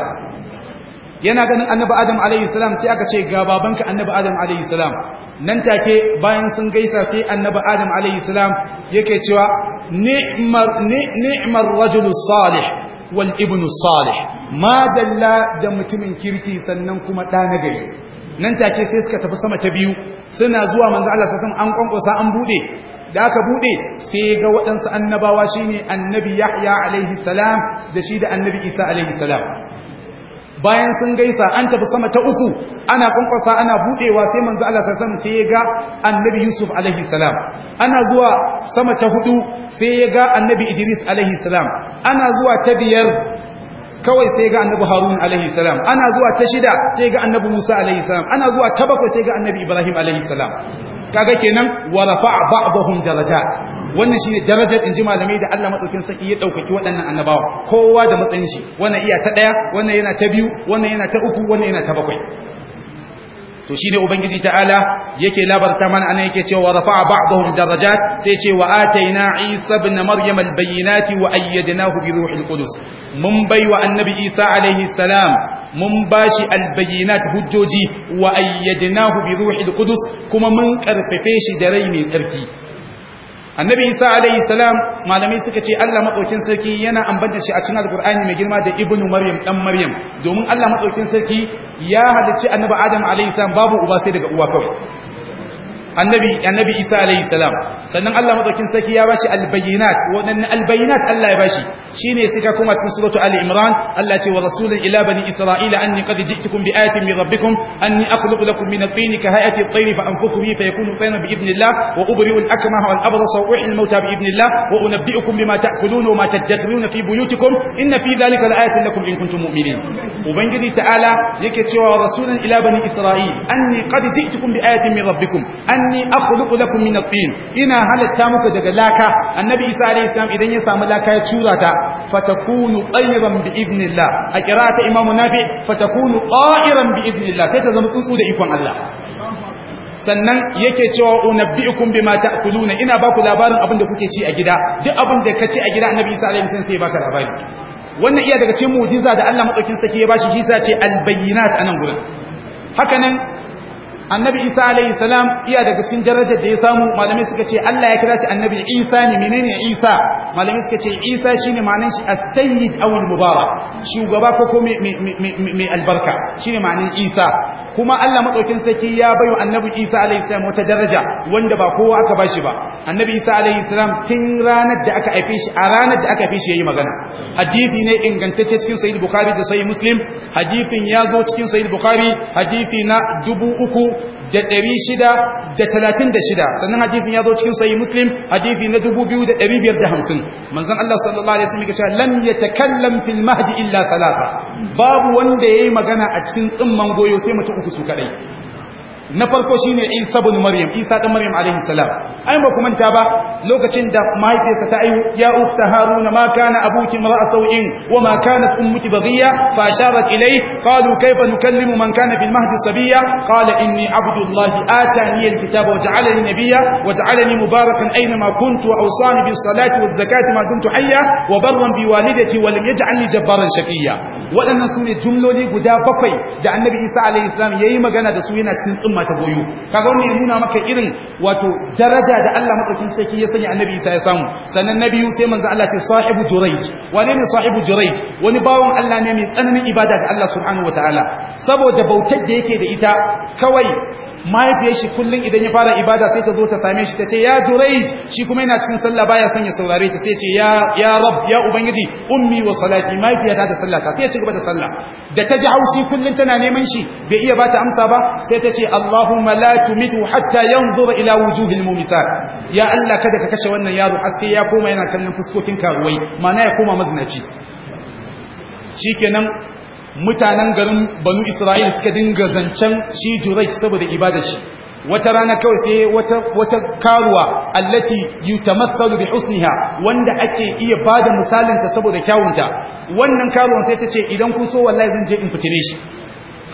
yana ganin annabi adam alaihi salam sai aka ce ga babanka annabi adam alaihi salam nan take bayan sun gaisa sai annabi adam alaihi salam yake cewa ni'mar ni'mar rajulus salih wal ibnu Madalla da mutumin kirki sannan kuma da nagari, gari nan take sai suka tafi sama ta biyu suna zuwa manzo Allah sallallahu an kwankwasa an bude da aka bude sai ga waɗansu annabawa shine annabi Yahya alaihi salam da shi da annabi Isa alaihi salam bayan sun gaisa an tafi sama ta uku ana kwankwasa ana buɗewa, sai manzo Allah sallallahu alaihi wasallam ga annabi Yusuf alaihi salam ana zuwa sama ta hudu sai ya ga annabi Idris alaihi salam ana zuwa ta biyar kawai sai ga annabi Harun alaihi salam ana zuwa ta shida sai ga annabi Musa alaihi salam ana zuwa ta bakwai sai ga annabi Ibrahim alaihi salam kaga kenan wa rafa'a ba'dahum darajat wannan shine darajar inji malamai da Allah madaukin saki ya daukaki waɗannan annabawa kowa da matsayin shi wannan iya ta daya wannan yana ta biyu wannan yana ta uku wannan yana ta bakwai to shine ubangiji ta'ala yake labarta mana anan yake cewa rafa'a ba'dahum darajat sai ce wa ataina isa ibn maryam albayyinati wa ayyadnahu bi ruhil qudus mun wa annabi isa alaihi salam mun bashi albayyinat hujjoji wa ayyadnahu bi ruhil qudus kuma mun karfafe shi da rai mai tsarki annabi isa alaihi salam malamai suka ce Allah madaukin sarki yana ambata shi a cikin alqur'ani mai girma da ibnu maryam dan maryam domin Allah madaukin sarki ya halicci annabi adam alaihi salam babu uba sai daga uwa kawai annabi annabi isa alayhi salam sannan Allah madaukin saki ya bashi albayinat wannan albayinat Allah ya bashi shine suka kuma cikin suratu ali imran Allah ce wa rasulun ila bani isra'ila anni qad ji'tukum bi ayatin min rabbikum anni akhluqu lakum min at-tin ka hayati at-tayr fa anfukhu bihi fayakunu tayran bi idnillah wa ubri'u al-akmaha wal abrasa wa uhyi al-mauta bi idnillah wa unabbi'ukum bima ta'kuluna wa ma tadkhuluna fi buyutikum inna fi dhalika la'ayatin lakum in kuntum mu'minin ubangiji ta'ala yake cewa rasulun ila bani isra'il anni qad ji'tukum bi ayatin min rabbikum anni akhluqu lakum min at-tin ina halatta muku daga laka annabi isa alayhi salam idan ya samu laka ya cura ta fatakunu tayran bi idnillah a qira'ata imamu nafi fatakunu ta'iran bi idnillah sai ta zama tsuntsu da ikon Allah sannan yake cewa unabbi'ukum bima ta'kuluna ina baku labarin abin da kuke ci a gida duk abin da kace a gida annabi Isa alaihi salam sai baka labari wannan iya daga cikin mu'jiza da Allah madaukin saki ya bashi hisa ce albayyinat anan gurin haka nan annabi isa alaihi salam iya daga cikin darajar da ya samu malamai suka ce Allah ya kira shi annabi isa ne menene isa malamai suka ce isa shine ma'anin shi as-sayyid aw al-mubarak shugaba ko ko mai albarka shine ma'anin isa kuma Allah madaukin saki ya bai wa annabi Isa alayhi salam wata daraja wanda ba kowa aka bashi ba annabi Isa alayhi salam tun ranar da aka haife shi a ranar da aka haife shi yayi magana hadisi ne ingantacce cikin sahih bukhari da sahih muslim hadisin ya zo cikin sahih bukhari hadisi na dubu uku. da ɗari shida da talatin da shida sannan hadithin ya zo cikin sayi muslim hadithi na dubu biyu da ɗari biyar da hamsin manzan Allah sallallahu alaihi wasallam ya ce lam ya takallam fil mahdi illa talata babu wanda ya yi magana a cikin tsimman goyo sai mutum uku su kaɗai. na farko shine Isa ibn Maryam Isa dan Maryam alaihi salam ai ba kuma ta ba lokacin da mahaifiyarsa ta aihu ya ukhta Haruna ma kana abuki mar'a sawin wa ma kanat ummuki baghiya fa asharat ilayhi qalu kayfa nukallimu man kana fil mahdi sabiya qala inni abdullahi atani alkitaba wa ja'alani nabiyya wa ja'alani mubarakan aina ma kuntu wa awsani bis salati waz zakati ma kuntu hayya wa barran bi walidati wa lam yaj'alni jabbaran shaqiyya wadannan sune jumloli guda bakwai da annabi Isa alaihi salam yayi magana da su yana cikin umma ta goyo kaga wannan ya nuna maka irin wato daraja da Allah madaukakin sarki ya sanya annabi Isa ya samu sannan na biyu sai manzo Allah ce sahibu jurayj Wani ne sahibu jurayj wani bawon Allah ne mai tsananin ibada ga Allah subhanahu wataala saboda bautar da yake da ita kawai mahaifiyarshi kullum idan ya fara ibada sai ta zo ta same shi ta ce ya durai shi kuma yana cikin sallah baya son ya saurare ta sai ce ya rab ya ubangiji ummi wa salati mahaifiyata da sallah ta sai ya ci gaba da sallah da ta ji haushi kullum tana neman shi bai iya bata amsa ba sai ta ce allahumma la tumitu hatta yanzura ila wujuhil mumisat ya allah kada ka kashe wannan yaro har sai ya koma yana kallon fuskokin karuwai ma'ana ya koma mazinaci shikenan mutanen garin banu isra'il suka dinga zancen shi jurai saboda ibadar shi wata rana kawai sai wata karuwa allati yutamathalu bi husniya wanda ake iya bada da misalinta saboda kyawunta wannan karuwan sai ta ce idan kun so wallahi zan je in fitine shi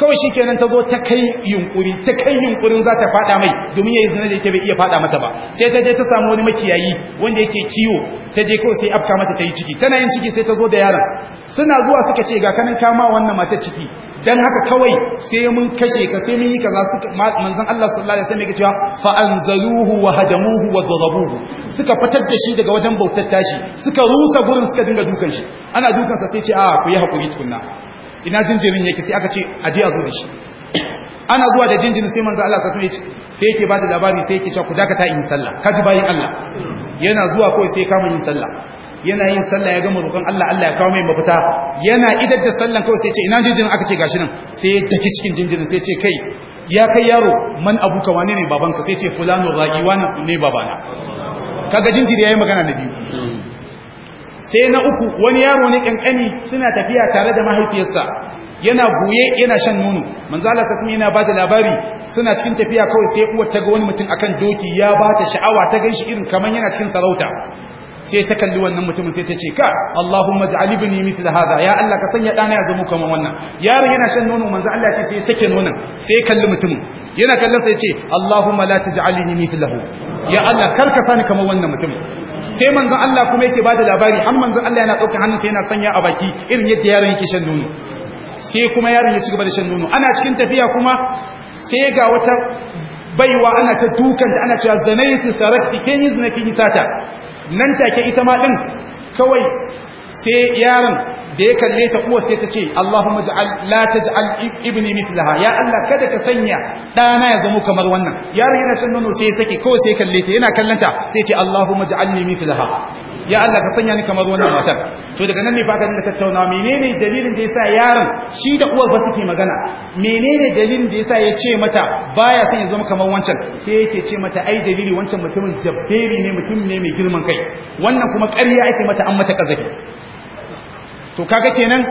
kawai shi kenan ta zo ta kai yunkuri ta kai yunkurin za ta fada mai domin ya yi zina da yake bai iya fada mata ba sai ta je ta samu wani makiyayi wanda yake kiwo ta je kawai sai afka mata ta yi ciki tana yin ciki sai ta zo da yaron suna zuwa suka ce ga kanin kama wannan mata ciki dan haka kawai sai mun kashe ka sai mun yi kaza suka manzon Allah sallallahu alaihi wasallam yake cewa fa anzaluhu wa hadamuhu wa darabuhu suka fitar da shi daga wajen bautar tashi suka rusa gurin suka dinga dukan shi ana dukan sa sai ce a ku yi hakuri tukunna ina jinjirin yake sai aka ce a je a zo da shi ana zuwa da jinjirin sai manzo Allah sallallahu alaihi sai yake bada labari sai yake cewa ku dakata in sallah kaji bayin Allah yana zuwa kawai sai kama yin sallah yana yin sallah ya gama roƙon Allah Allah ya kawo mai mafita yana idar da sallan kawai sai ce ina jinjirin aka ce gashi nan sai ya daki cikin jinjirin sai ce kai ya kai yaro man abuka wane ne babanka sai ce fulano raki wane ne babana kaga jinjiri yayi magana da biyu sai na uku wani yaro ne kankani suna tafiya tare da mahaifiyarsa yana goye yana shan nono manzala ta sami yana bada labari suna cikin tafiya kawai sai uwar ta ga wani mutum akan doki ya ba ta sha'awa ta ganshi irin kaman yana cikin sarauta sai ta kalli wannan mutumin sai ta ce ka Allahumma ij'al ibni mithl hadha ya Allah ka sanya dana ya zama kaman wannan yaro yana shan nono manzo Allah ya ce sai sake nonon sai kalli mutumin yana kallon sai ya ce Allahumma la taj'alni mithlahu ya Allah ka sani kaman wannan mutumin sai manzon Allah kuma yake bada labari har manzon Allah yana dauka hannunsa yana sanya a baki irin yadda yaron yake shan nono sai kuma yaron ya ci gaba da shan nono ana cikin tafiya kuma sai ga wata baiwa ana ta dukan da ana cewa zanaitu sarakti kin yi zina kin yi sata nan take ita ma din kawai sai yaron da ya kalle ta uwar sai ta ce Allahumma ja'al la taj'al ibni mithlaha ya Allah kada ka sanya dana ya zama kamar wannan yaron yana son nono sai ya sake kawai sai kalle ta yana kallanta sai ce Allahumma ja'alni mithlaha ya Allah ka sanya ni kamar wannan matar to daga nan ne fa ka dinga tattauna menene dalilin da yasa yaron shi da uwar ba suke magana menene dalilin da yasa ya ce mata baya son ya zama kamar wancan sai yake ce mata ai dalili wancan mutumin jabberi ne mutum ne mai girman kai wannan kuma ƙarya ake mata an mata kazafi to kaga kenan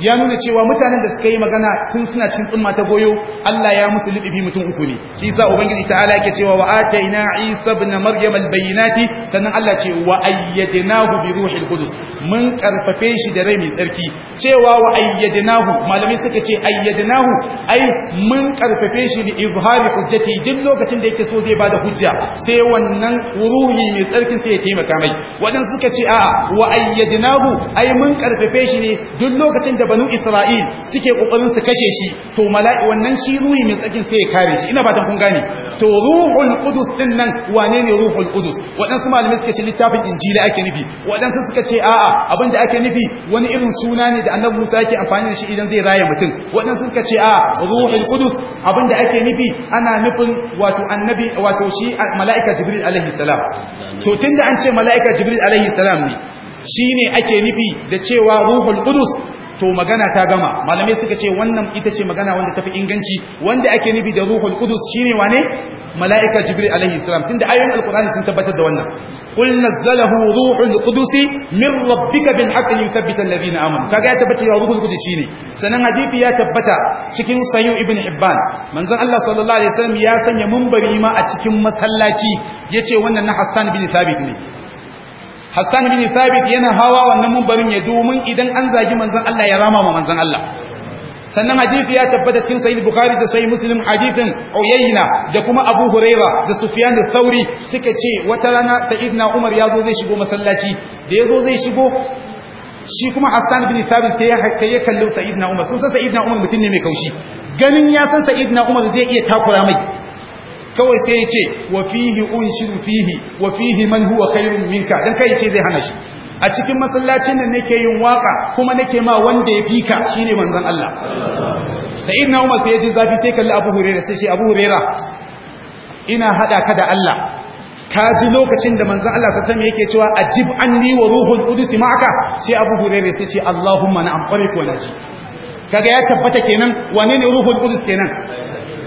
ya nuna cewa mutanen da suka yi magana tun suna cikin tsumma ta goyo Allah ya musu lubibi mutum uku ne shi yasa ubangiji ta'ala yake cewa wa ataina isa ibn maryam albayinati sannan Allah ce wa ayyadnahu bi ruhil qudus mun karfafe shi da rai mai tsarki cewa wa ayyadnahu malamai suka ce ayyadnahu ai mun karfafe shi bi izhari hujjati duk lokacin da yake so zai bada hujja sai wannan ruhi mai tsarki sai ya taimaka mai wadan suka ce a'a wa ayyadnahu ai mun karfafe shi ne duk lokacin da banu isra'il suke kokarin su kashe shi to mala'i wannan shi ruhi mai tsakin sai ya kare shi ina fatan kun gane to ruhul qudus din nan wane ne ruhul qudus waɗansu malamai suka ce littafin injila ake nufi waɗansu suka ce a'a abin da ake nufi wani irin suna ne da annabi Musa yake amfani da shi idan zai raye mutum waɗansu suka ce a ruhul qudus abin da ake nufi ana nufin wato annabi wato shi mala'ika jibril alaihi salam to tunda an ce mala'ika jibril alaihi salam ne shine ake nufi da cewa ruhul qudus to magana ta gama malamai suka ce wannan ita ce magana wanda tafi inganci wanda ake nufi da ruhul qudus shine wane mala'ika jibril alaihi salam tunda ayoyin alqur'ani sun tabbatar da wannan qul nazzalahu ruhul qudus min rabbika bil haqqi yuthabbitu alladhina amanu kaga ya tabbata ya ruhul qudus shine sanan hadisi ya tabbata cikin sayyid ibn hibban manzon Allah sallallahu alaihi wasallam ya sanya munbari ma a cikin masallaci yace wannan na Hassan bin Thabit ne Hassan bin Thabit yana hawa wannan mumbarin ya domin idan an zagi manzon Allah ya rama ma manzon Allah sannan hadisi ya tabbata cikin sahih bukhari da sahih muslim hadisin uyayna da kuma abu huraira da sufyan al-thauri suka ce wata rana sayyidina umar yazo zai shigo masallaci da yazo zai shigo shi kuma hassan bin thabit sai ya kalli sayyidina umar kun san sayyidina umar mutum ne mai kaushi ganin ya san sayyidina umar zai iya takura mai kawai sai ya ce wa fihi unshiru fihi wa fihi man huwa khairun minka dan kai ce zai hana shi a cikin masallacin da nake yin waka kuma nake ma wanda ya fika shine manzon Allah sayyidina Umar sai ya ji zafi sai kalli Abu Hurairah sai shi Abu Hurairah ina hada ka da Allah ka ji lokacin da manzon Allah ta sami yake cewa ajib anni wa ruhul qudus ma'aka sai Abu Hurairah sai ce Allahumma na'am qariq ko naji kaga ya tabbata kenan wane ne ruhul qudus kenan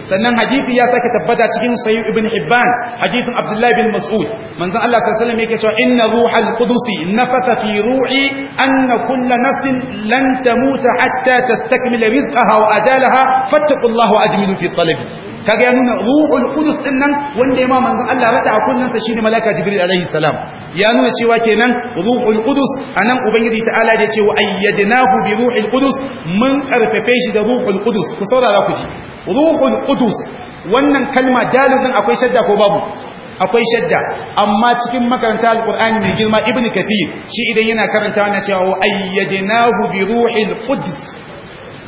sannan hadisi ya sake tabbata cikin sahih ibn hibban hadisin abdullahi bin mas'ud manzon Allah sallallahu alaihi wasallam yake cewa inna ruhal qudus nafata fi ruhi anna kullu nafsin lan tamuta hatta tastakmila rizqaha wa ajalaha fattaqullaha wa ajmilu fi talab kaga nuna ruhul qudus ɗin nan wanda ma manzon Allah rada a kullun sa shine malaika jibril alaihi salam ya nuna cewa kenan ruhul qudus anan ubangiji ta'ala da ce wa ayyadnahu bi ruhil qudus mun karfafe shi da ruhul qudus ku saurara ku ji ruhul qudus wannan kalma dalilin akwai shadda ko babu akwai shadda amma cikin makaranta alqur'ani mai girma ibnu kathir shi idan yana karanta yana cewa wa ayyadnahu bi ruhil qudus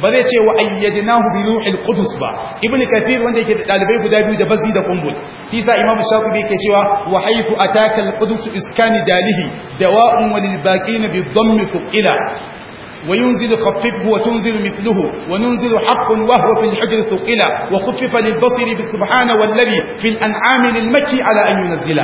ce wa ayyadnahu bi ruhil qudus ba ibnu kathir wanda yake da dalibai guda biyu da bazzi da kumbul shi sa imam shafi'i yake cewa wa haythu ataka alqudus iskani dalihi dawa'un walil baqina bi dhammi fuqila وينزل خففه وتنزل مثله وننزل حق وهو في الحجر ثقلا وخفف للبصر بالسبحان والذي في الأنعام للمكي على أن ينزلا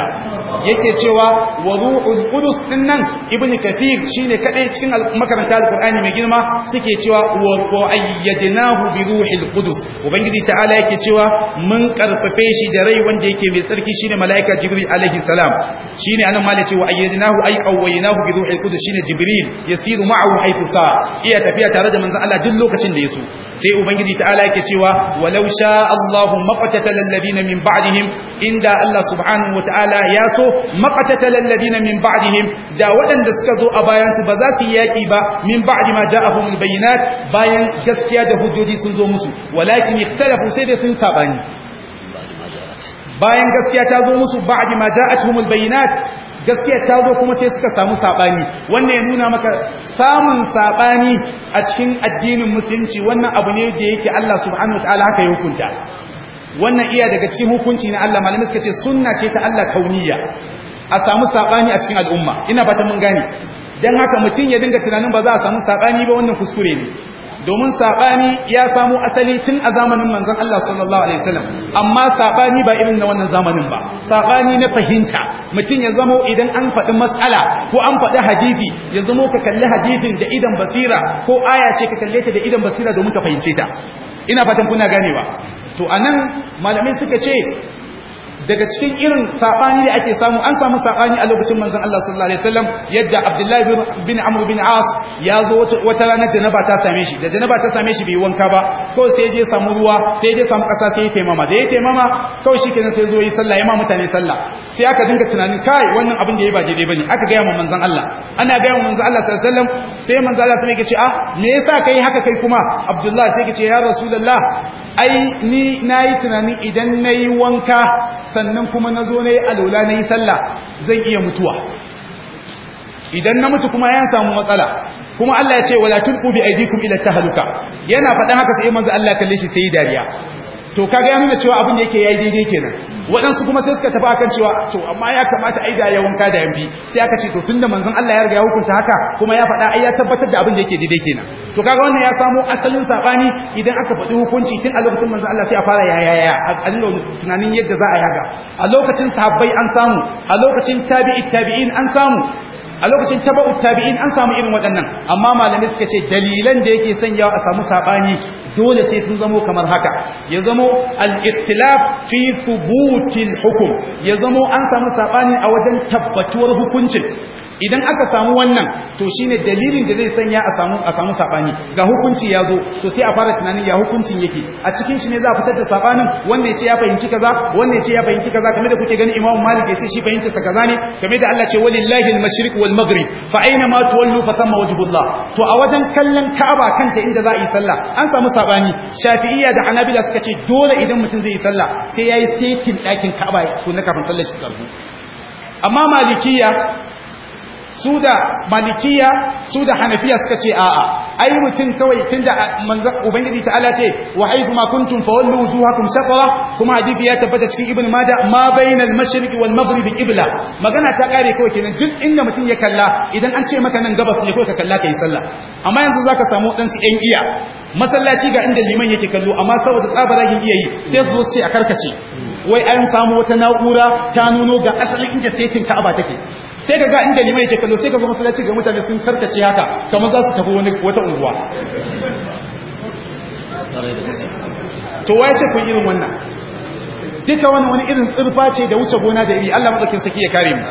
yake cewa wa ruhul qudus din nan ibnu kathir shine kadai cikin makaranta alqur'ani mai girma suke cewa wa ayyadnahu bi ruhil qudus ubangiji ta'ala yake cewa mun karfafe shi da rai wanda yake mai tsarki shine malaika jibril alaihi salam shine anan malaci wa ayyadnahu ay qawwaynahu bi ruhil qudus shine jibril yasiru ma'ahu haythu sa saba iya tafiya tare da manzon Allah duk lokacin da yaso sai ubangiji ta'ala yake cewa walau sha Allahu maqatatal ladina min ba'dihim inda Allah subhanahu wa ta'ala ya so maqatatal ladina min ba'dihim da waɗanda suka zo a bayan su ba za su yaki ba min ba'di ma ja'ahumul bayinat bayan gaskiya da hujjoji sun zo musu walakin ikhtalafu sai dai sun sabani bayan gaskiya ta zo musu ba'di ma ja'atuhumul bayinat gaskiya ta zo kuma sai suka samu sabani wannan ya nuna maka samun sabani a cikin addinin musulunci wannan abu ne da yake Allah subhanahu Ta'ala haka ya hukunta wannan iya daga cikin hukunci na Allah malamai suka ce sunna ce ta Allah kauniya a samu sabani a cikin al'umma ina fata mun gane dan haka mutum ya dinga tunanin ba za a samu sabani ba wannan kuskure ne domin saɓani ya samu asali tun a zamanin manzon Allah sallallahu alaihi wasallam amma saɓani ba irin na wannan zamanin ba Saɓani na fahimta mutum ya zamo idan an faɗi matsala ko an faɗi hadisi ya zamo ka kalli hadisin da idan basira ko aya ce ka kalle ta da idan basira domin ka fahimce ta ina fatan kuna ganewa to anan malamin suka ce daga cikin irin sabani da ake samu an samu saɓani a lokacin manzon Allah sallallahu alaihi wasallam yadda Abdullahi bin Amr bin As ya zo wata rana janaba ta same shi da janaba ta same shi bai wanka ba ko sai je samu ruwa sai je samu ƙasa sai ya taimama da ya taimama kawai kenan sai zo yi sallah ya ma mutane sallah sai aka dinga tunanin kai wannan abin da ya ba daidai bane aka gaya wa manzon Allah ana gaya wa manzon Allah sallallahu alaihi wasallam sai manzon Allah sai yake ce ah me yasa kai haka kai kuma Abdullah sai yake ce ya Rasulullah ai ni nayi tunani idan nayi wanka sannan kuma nazo nayi alwala nayi sallah zan iya mutuwa idan na mutu kuma yan samu matsala kuma Allah ya ce wala tulqu bi aidikum ila tahluka yana faɗan haka sai manzon Allah kalle shi sai dariya to kaga ya nuna cewa abin da yake yayi daidai kenan waɗansu kuma sai suka tafi akan cewa to amma ya kamata ai da ya wanka da yambi sai aka ce to tunda manzon Allah ya riga ya hukunta haka kuma ya faɗa ai ya tabbatar da abin da yake daidai kenan to kaga wannan ya samo asalin sabani idan aka faɗi hukunci tun a lokacin manzon Allah sai a fara yaya yaya a tunanin yadda za a yaga a lokacin sahabbai an samu a lokacin tabi'i tabi'in an samu a lokacin taba'u tabi'in an samu irin waɗannan amma malamai suka ce dalilan da yake sanyawa a samu sabani dole sai sun zamo kamar haka ya zamo al-ikhtilaf fi thubutil hukm ya zamo an samu sabani a wajen tabbatuwar hukuncin idan aka samu wannan to shine dalilin da zai sanya a samu a samu sabani ga hukunci ya zo to sai a fara tunanin ya hukuncin yake a cikin shi ne za a fitar da sabanin wanda yace ya fahimci kaza wanda yace ya fahimci kaza kamar da kuke gani Imam Malik yace shi fahimta sa kaza ne kamar da Allah ce walillahi al-mashriq wal maghrib fa aina ma tuwallu fa thamma wajhullah to a wajen kallon Ka'aba kanta inda za a yi sallah an samu sabani Shafi'iyya da Hanabila suka ce dole idan mutum zai yi sallah sai yayi setin dakin Ka'aba ko kafin sallar shi amma malikiya su da malikiya su da hanafiya suka ce a'a ai mutum kawai tunda manzon ubangiji ta'ala ce wa haifu ma kuntum fawallu wujuhakum shaqra kuma hadisi ya tabbata cikin ibn Mada ma bainal mashriqi wal da qibla magana ta kare kawai kenan duk inda mutum ya kalla idan an ce maka nan gabas ne kawai ka kalla kai sallah amma yanzu zaka samu dan su ɗan iya masallaci ga inda liman yake kallo amma saboda tsabaragin iya yi sai su zo ce a karkace wai an samu wata na'ura ta nuno ga asalin inda setin aba take sai ka ga inda limai yake kallo sai ka zo masallaci ga mutane sun karkace haka kamar za su tafi wani wata unguwa to waye ce kun irin wannan duka wani wani irin tsirfa ce da wuce gona da iri Allah madaukin saki ya kare mu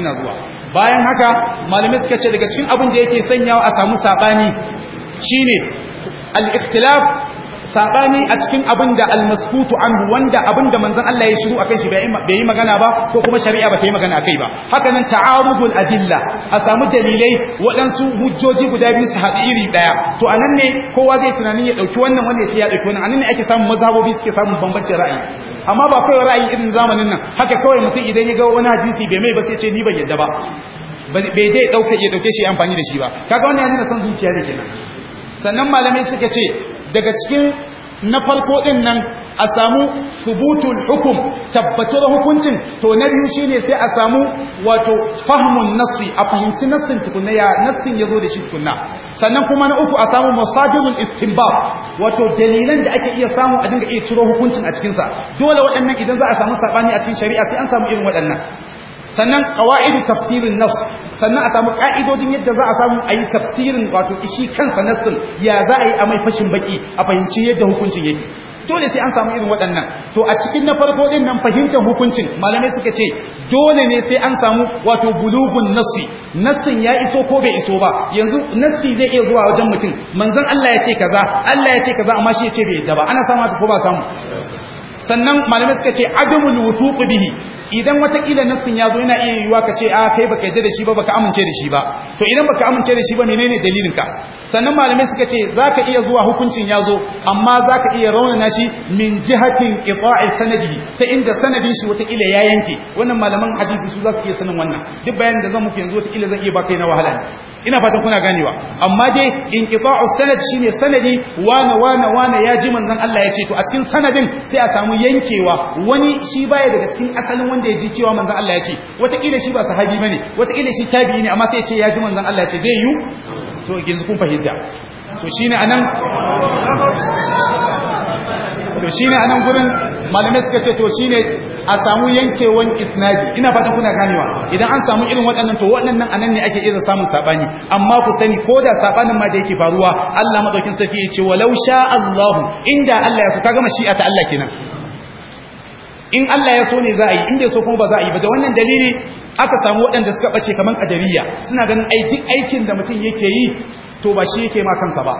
ina zuwa bayan haka malamai suka ce daga cikin abin da yake sanyawa a samu sabani shine al-ikhtilaf sabani a cikin abin da almasfutu anhu wanda abin da manzon Allah ya shiru akan shi bai yi magana ba ko kuma shari'a ba ta yi magana akai ba haka nan ta'arudul adilla a samu dalilai waɗansu hujjoji guda biyu su haɗu iri ɗaya to nan ne kowa zai tunani ya ɗauki wannan wanda ya ce ya ɗauki wannan anan ne ake samun mazhabobi suke samun bambancin ra'ayi amma ba kawai ra'ayin irin zamanin nan haka kawai mutum idan ya ga wani hadisi bai mai ba sai ce ni ban yadda ba bai dai ɗauke ya ɗauke shi amfani da shi ba kaga wannan yana son zuciya da kenan sannan malamai suka ce daga cikin na farko din nan a samu subutul hukum tabbatar hukuncin to na biyu shine sai a samu wato fahmun nassi a fahimci nassin tukunna ya nassin yazo da shi tukunna sannan kuma na uku a samu masadirul istinbat wato dalilan da ake iya samu a dinga iya ciro hukuncin a cikin sa dole waɗannan idan za a samu sabani a cikin shari'a sai an samu irin waɗannan sannan kawa'idu tafsirin nafs sannan a samu ka'idojin yadda za a samu a yi tafsirin wato ishi kansa nafsin ya za a yi a mai fashin baki a fahimci yadda hukuncin yake dole sai an samu irin waɗannan to a cikin na farko din nan fahimtar hukuncin malamai suka ce dole ne sai an samu wato bulugun nassi nassin ya iso ko bai iso ba yanzu nassi zai iya zuwa wajen mutum manzon Allah ya ce kaza Allah ya ce kaza amma shi ya ce bai yadda ba ana samu ko ba samu sannan malamai suka ce adamul wusuq bihi idan watakila nassin ya zo yana iya yiwuwa ka ce a kai baka yarda da shi ba baka amince da shi ba to idan baka amince da shi ba menene dalilin ka sannan malamai suka ce zaka iya zuwa hukuncin ya zo amma zaka iya raunana shi min jihatin qita'i sanadi ta inda sanadin shi watakila ya yanke wannan malaman hadisi su za su iya sanin wannan duk bayan da zan muku yanzu watakila zan iya baka na wahala ina fatan kuna ganewa amma dai inqita'u sanad shine sanadi wana wana wana ya ji manzon Allah ya ce to a cikin sanadin sai a samu yankewa wani shi baya daga cikin asalin wanda ya ji cewa manzon Allah ya ce wataƙila shi ba sahabi bane wataƙila shi tabi'i ne amma sai ya ce ya ji manzon Allah ya ce zai to yanzu kun fahimta to shine anan to shine anan gurin malamai suka ce to shine a samu yankewan isnadi ina faɗin kuna ganewa idan an samu irin waɗannan to waɗannan anan ne ake irin samun sabani amma ku sani ko da sabanin ma da yake faruwa Allah madaukin sarki ya ce walau sha Allah inda Allah ya so kaga mashi'a ta Allah kenan in Allah ya so ne za a yi inda ya so kuma ba za a yi ba da wannan dalili aka samu waɗanda suka bace kaman adariya suna ganin ai duk aikin da mutum yake yi to ba shi yake ma kansa ba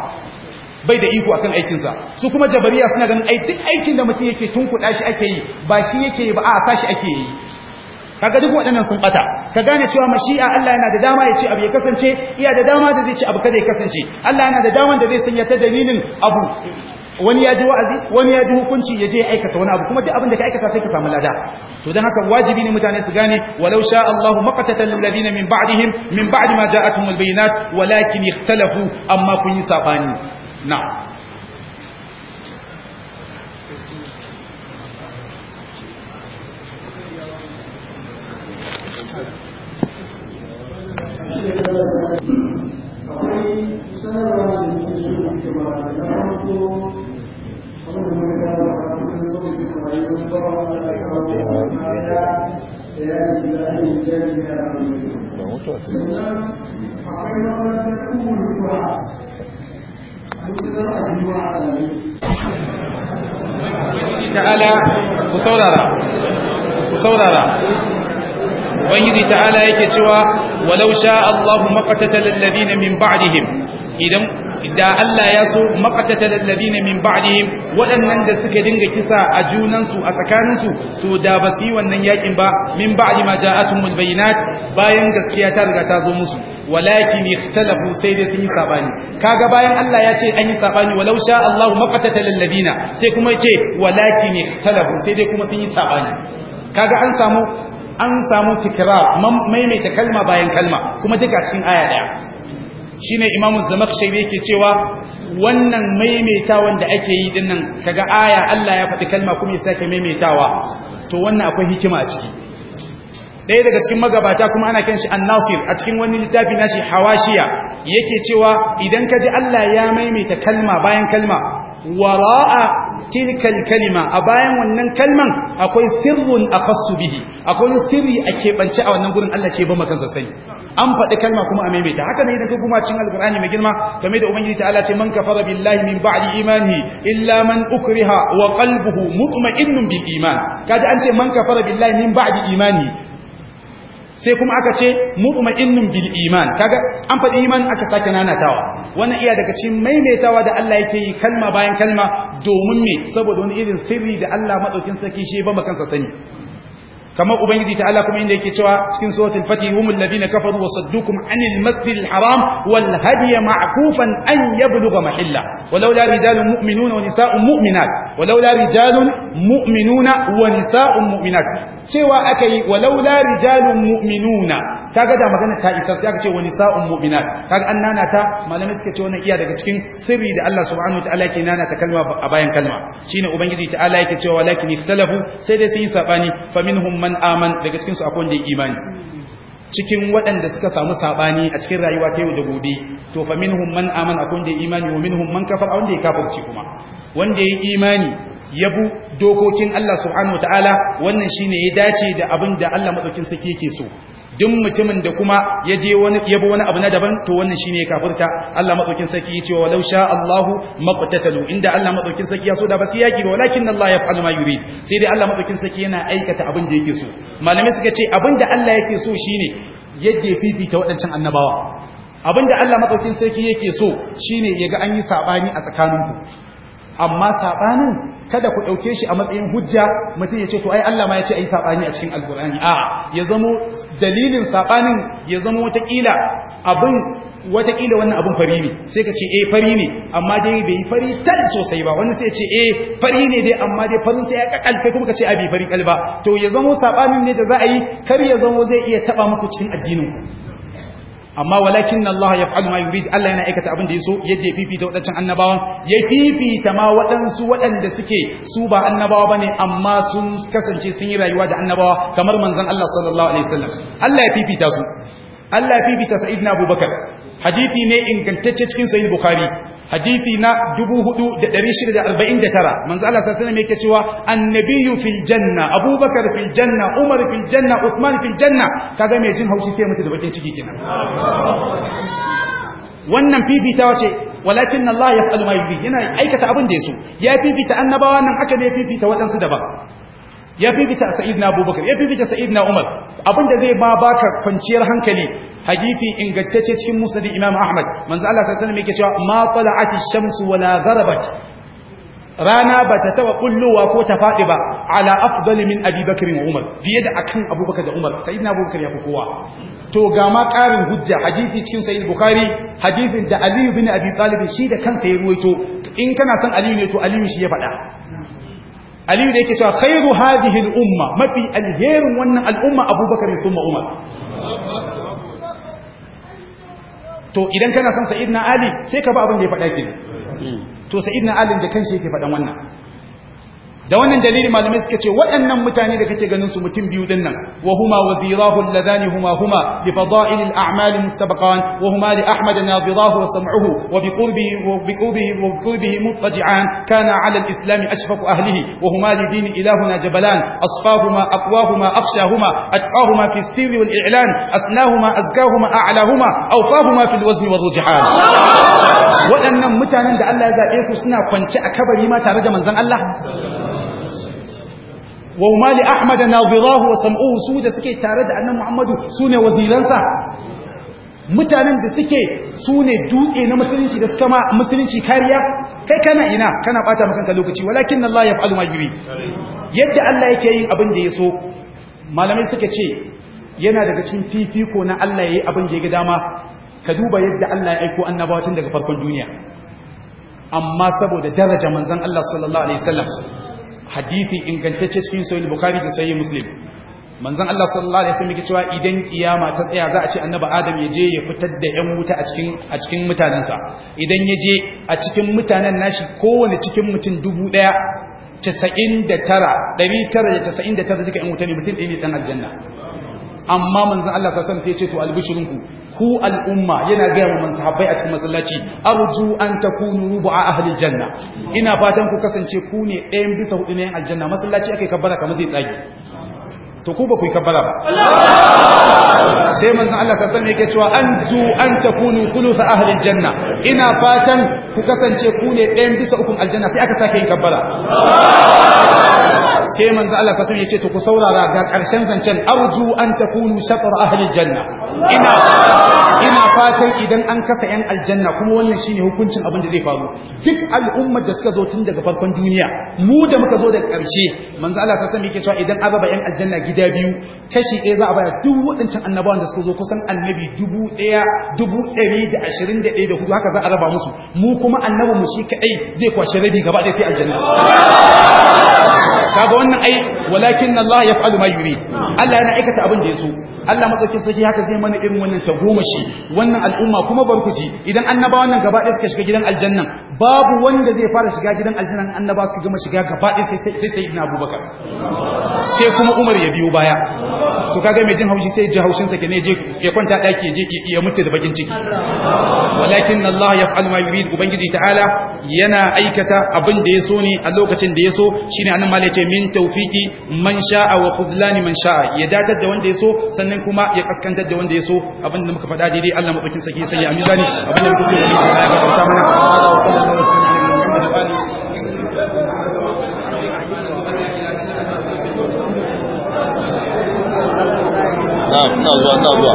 bai da iko akan aikinsa su kuma jabariya suna ganin ai duk aikin da mutum yake tunkuɗa shi ake yi ba shi yake yi ba a sa shi ake yi kaga duk waɗannan sun bata ka gane cewa mashi'a Allah yana da dama ya ce abu ya kasance iya da dama da zai ce abu kada ya kasance Allah yana da dama da zai sanya ta dalilin abu wani ya ji wa'azi wani ya ji hukunci ya je ya aikata wani abu kuma duk abin da ka aikata sai ka samu lada to dan haka wajibi ne mutane su gane walau sha Allahu maqatatal ladina min ba'dihim min ba'di ma ja'atuhumul bayinat walakin ikhtalafu amma kun yi sabani 那。ku saurara ubangiji ta'ala yake cewa walau sha Allahu maqatatal ladina min ba'dihim idan da Allah ya so maqatatal ladina min ba'dihim waɗannan da suka dinga kisa a junansu a tsakaninsu to da ba wannan yakin ba min ba'di ma ja'atuhumul bayinat bayan gaskiya ta riga ta zo musu walakin ikhtalafu sai sun sabani kaga bayan Allah ya ce an yi sabani walau sha Allahu maqatatal ladina sai kuma ya ce walakin ikhtalafu sai dai kuma sun yi sabani kaga an samu an samu tikrar maimaita kalma bayan kalma kuma duka cikin aya daya Shi shine imamu zamakshari yake cewa wannan maimaita wanda ake yi dinnan kaga aya Allah ya faɗi kalma kuma ya sake maimaitawa to wannan akwai hikima a ciki ɗaya daga cikin magabata kuma ana kan shi annasir a cikin wani littafi nashi hawashiya yake cewa idan ka ji Allah ya maimaita kalma bayan kalma wara'a tilkal kalima a bayan wannan kalman akwai sirrun akhassu bihi akwai sirri a keɓance a wannan gurin Allah ce ba makansa sani an faɗi kalma kuma a maimaita haka ne idan ka kuma cin alqur'ani mai girma game da ubangiji ta'ala ce man kafara billahi min ba'di imani illa man ukriha wa qalbuhu mutma'innun bil iman kaji an ce man kafara billahi min ba'di imani sai kuma aka ce mutma'innun bil iman kaga an faɗi iman aka sake nanatawa wannan iya daga cikin maimaitawa da Allah yake yi kalma bayan kalma domin me saboda wani irin sirri da Allah madaukin saki shi ba makansa sani kamar ubangiji ta Allah kuma inda yake cewa cikin suratul Fati humul ladina kafaru wa saddukum anil masjidil haram wal hadiya ma'kufan an yablugha mahilla walaula rijalun mu'minuna wa mu'minat walaula rijalun mu'minuna wa nisaa'un mu'minat cewa aka yi wa walaula rijalun mu'minuna kaga da magana ta isa sai aka ce wani sa'un mu'minat kaga an nana ta malamai suka ce wannan iya daga cikin sirri da Allah subhanahu ta'ala yake nana ta kalma a bayan kalma shine ubangiji ta'ala yake cewa walakin ikhtalafu sai dai sun yi sabani faminhum man aman daga cikin su akwai wanda ya imani cikin waɗanda suka samu saɓani a cikin rayuwa ta yau da gobe to fa minhum man amana akwai wanda imani wa minhum man kafar wanda ya kafirci kuma wanda ya imani ya bu dokokin Allah subhanahu wataala wannan shine ya dace da abin da Allah madaukin saki yake so duk mutumin da kuma ya je wani yabo wani abu na daban to wannan shine kafirta Allah madaukin sarki ya ce wa law sha Allahu maqtatalu inda Allah madaukin sarki ya so da ba yaki ba walakin Allah ya yaf'alu ma yurid sai dai Allah madaukin sarki yana aikata abin da yake so malamai suka ce abin da Allah yake so shine yadda ya fifita waɗancan annabawa abin da Allah madaukin sarki yake so shine ya ga an yi sabani a tsakaninku amma sabanin kada ku ɗauke shi a matsayin hujja mutum ya ce to ai Allah ma ya ce ai saɓani a cikin alkur'ani a ya zamo dalilin saɓanin ya zamo watakila abin wannan abin fari ne sai ka ce eh fari ne amma dai bai yi fari tal sosai ba wani sai ya ce eh fari ne dai amma dai farin sai ya kai kuma ka ce a bai fari kalba to ya zamo saɓanin ne da za a yi kar ya zamo zai iya taɓa muku cikin addinin ku amma walakin Allah ya fa'alu ma yurid Allah yana aikata abin da so yadda ya fifita waɗancan annabawan ya fifita ma waɗansu waɗanda suke su ba annabawa ne amma sun kasance sun yi rayuwa da annabawa kamar manzan Allah sallallahu alaihi wasallam Allah ya fifita su Allah ya fifita Sayyidina Abubakar hadisi ne ingantacce cikin Sahih Bukhari hadisi na 4649 manzo Allah sallallahu alaihi yake cewa annabiyyu fil janna abubakar fil janna umar fil janna uthman fil janna kaga mai jin haushi sai mutu da bakin ciki kenan wannan fifitawa ce walakin Allah ya fa'alu ma yana aikata abin da yaso ya fifita annabawa nan aka ne fifita wadansu daban ya fifita sa'id na abubakar ya fifita sa'id na umar abinda zai ma baka kwanciyar hankali hadithi ingantacce cikin da imam ahmad manzo Allah sallallahu alaihi yake cewa ma tala'ati shamsu wala gharabat rana ba ta taba kulluwa ko ta fadi ba ala afdali min abubakar wa umar fiye da akan abubakar da umar sa'id na abubakar ya fi kowa to ga ma ƙarin hujja hadithi cikin sahih bukhari hadithin da aliyu bin abi talib shi da kansa ya ruwaito in kana son aliyu ne to aliyu shi ya faɗa aliyu da yake cewa khairu hadhihi al-umma mafi alherin wannan al'umma abubakar ne kuma umar to idan kana son sa'idna ali sai ka ba abin da ya faɗa ki. to sa'idna ali da kanshi yake faɗan wannan da wannan dalili malamai suka ce waɗannan mutane da kake ganin su mutum biyu din nan wa huma wazirahu alladhani huma huma bi fada'il al'amal mustabaqan wa huma li ahmad nadirahu wa sam'uhu wa bi qurbihi wa bi qurbihi wa qurbihi mutaji'an kana 'ala al-islam ashfaqu ahlihi wa huma li din ilahuna jabalan asfahuma aqwahuma aqshahuma atqahuma fi sirri wal i'lan asnahuma azkahuma a'lahuma awfahuma fil wazni wal rujhan waɗannan mutanen da Allah ya zabe su suna kwance a kabari ma tare da manzon Allah wa ahmad nadhirahu wa sam'uhu su da suke tare da annabi muhammadu sune waziransa mutanen da suke sune dutse na musulunci da suka ma musulunci kariya kai kana ina kana bata maka kanka lokaci walakin Allah ya fa'alu ma yurid yadda Allah yake yin abin da yaso malamai suka ce yana daga cikin fifiko na Allah yayi abin da ya ga dama ka duba yadda Allah ya aiko annabawa tun daga farkon duniya amma saboda daraja manzon Allah sallallahu alaihi wasallam hadithin ingantacce cikin sahih bukhari da sahih muslim manzan Allah sallallahu alaihi wasallam yake cewa idan kiyama ta tsaya za a ce annabi adam ya je ya fitar da yan wuta a cikin a cikin mutanansa idan ya je a cikin mutanen nashi kowane cikin mutum dubu daya casa'in da tara ɗari tara da casa'in da tara duka yan wuta ne mutum ɗaya ne ɗan aljanna amma manzan Allah sallallahu alaihi wasallam sai ya ce to albishirinku ku al'umma yana gaya wa mantahabbai a cikin masallaci arju an ta takunu rubu'a ahalin janna ina fatan ku kasance ku ne ɗayan bisa hudu yin aljanna masallaci akai kabbara kamar zai tsage to ku ba ku yi kabbara ba sai manzon Allah sallallahu alaihi yake cewa anzu an ta takunu thuluth ahalin janna ina fatan ku kasance ku ne ɗayan bisa ukun aljanna sai aka sake yin kabbara sai manzo Allah kasam yace to ku saurara ga karshen zancen arju an takunu shatr ahli janna ina ina fatan idan an kasa yan aljanna kuma wannan shine hukuncin abin da zai faru duk al'ummar da suka zo tun daga farkon duniya mu da muka zo daga karshe manzo Allah kasam yake cewa idan aka ba yan aljanna gida biyu kashi ɗaya za a baya duk waɗancan annabawan da suka zo kusan annabi dubu ɗaya dubu ɗari da ashirin da ɗaya da hudu haka za a raba musu mu kuma mu shi kaɗai zai kwashe rabi gaba ɗaya sai aljanna kaga wannan ai walakin Allah yaf'alu ma yurid Allah yana aikata abin da yaso Allah madaukin sarki haka zai mana irin wannan goma shi. wannan al'umma kuma barkuci idan annabawan wannan gaba ɗaya suka shiga gidan aljanna babu wanda zai fara shiga gidan aljanna annaba suka gama shiga gaba ɗaya sai sai ibn abubakar sai kuma umar ya biyo baya to kaga mai jin haushi sai ji haushin sa ne je ya kwanta daki ya je ya mutu da bakin ciki walakin Allah ya fa'al ma yurid ubangiji ta'ala yana aikata abin da yaso ne a lokacin da yaso shine annabi malai ce min tawfiqi man sha'a wa khudlani man sha'a ya datar da wanda yaso sannan sannan kuma ya kaskantar da wanda ya so abin da muka faɗa daidai Allah maɗaukin sake ya sanya a mizani abin da muka so wani Allah ya gafarta mana Allah wa na zuwa na zuwa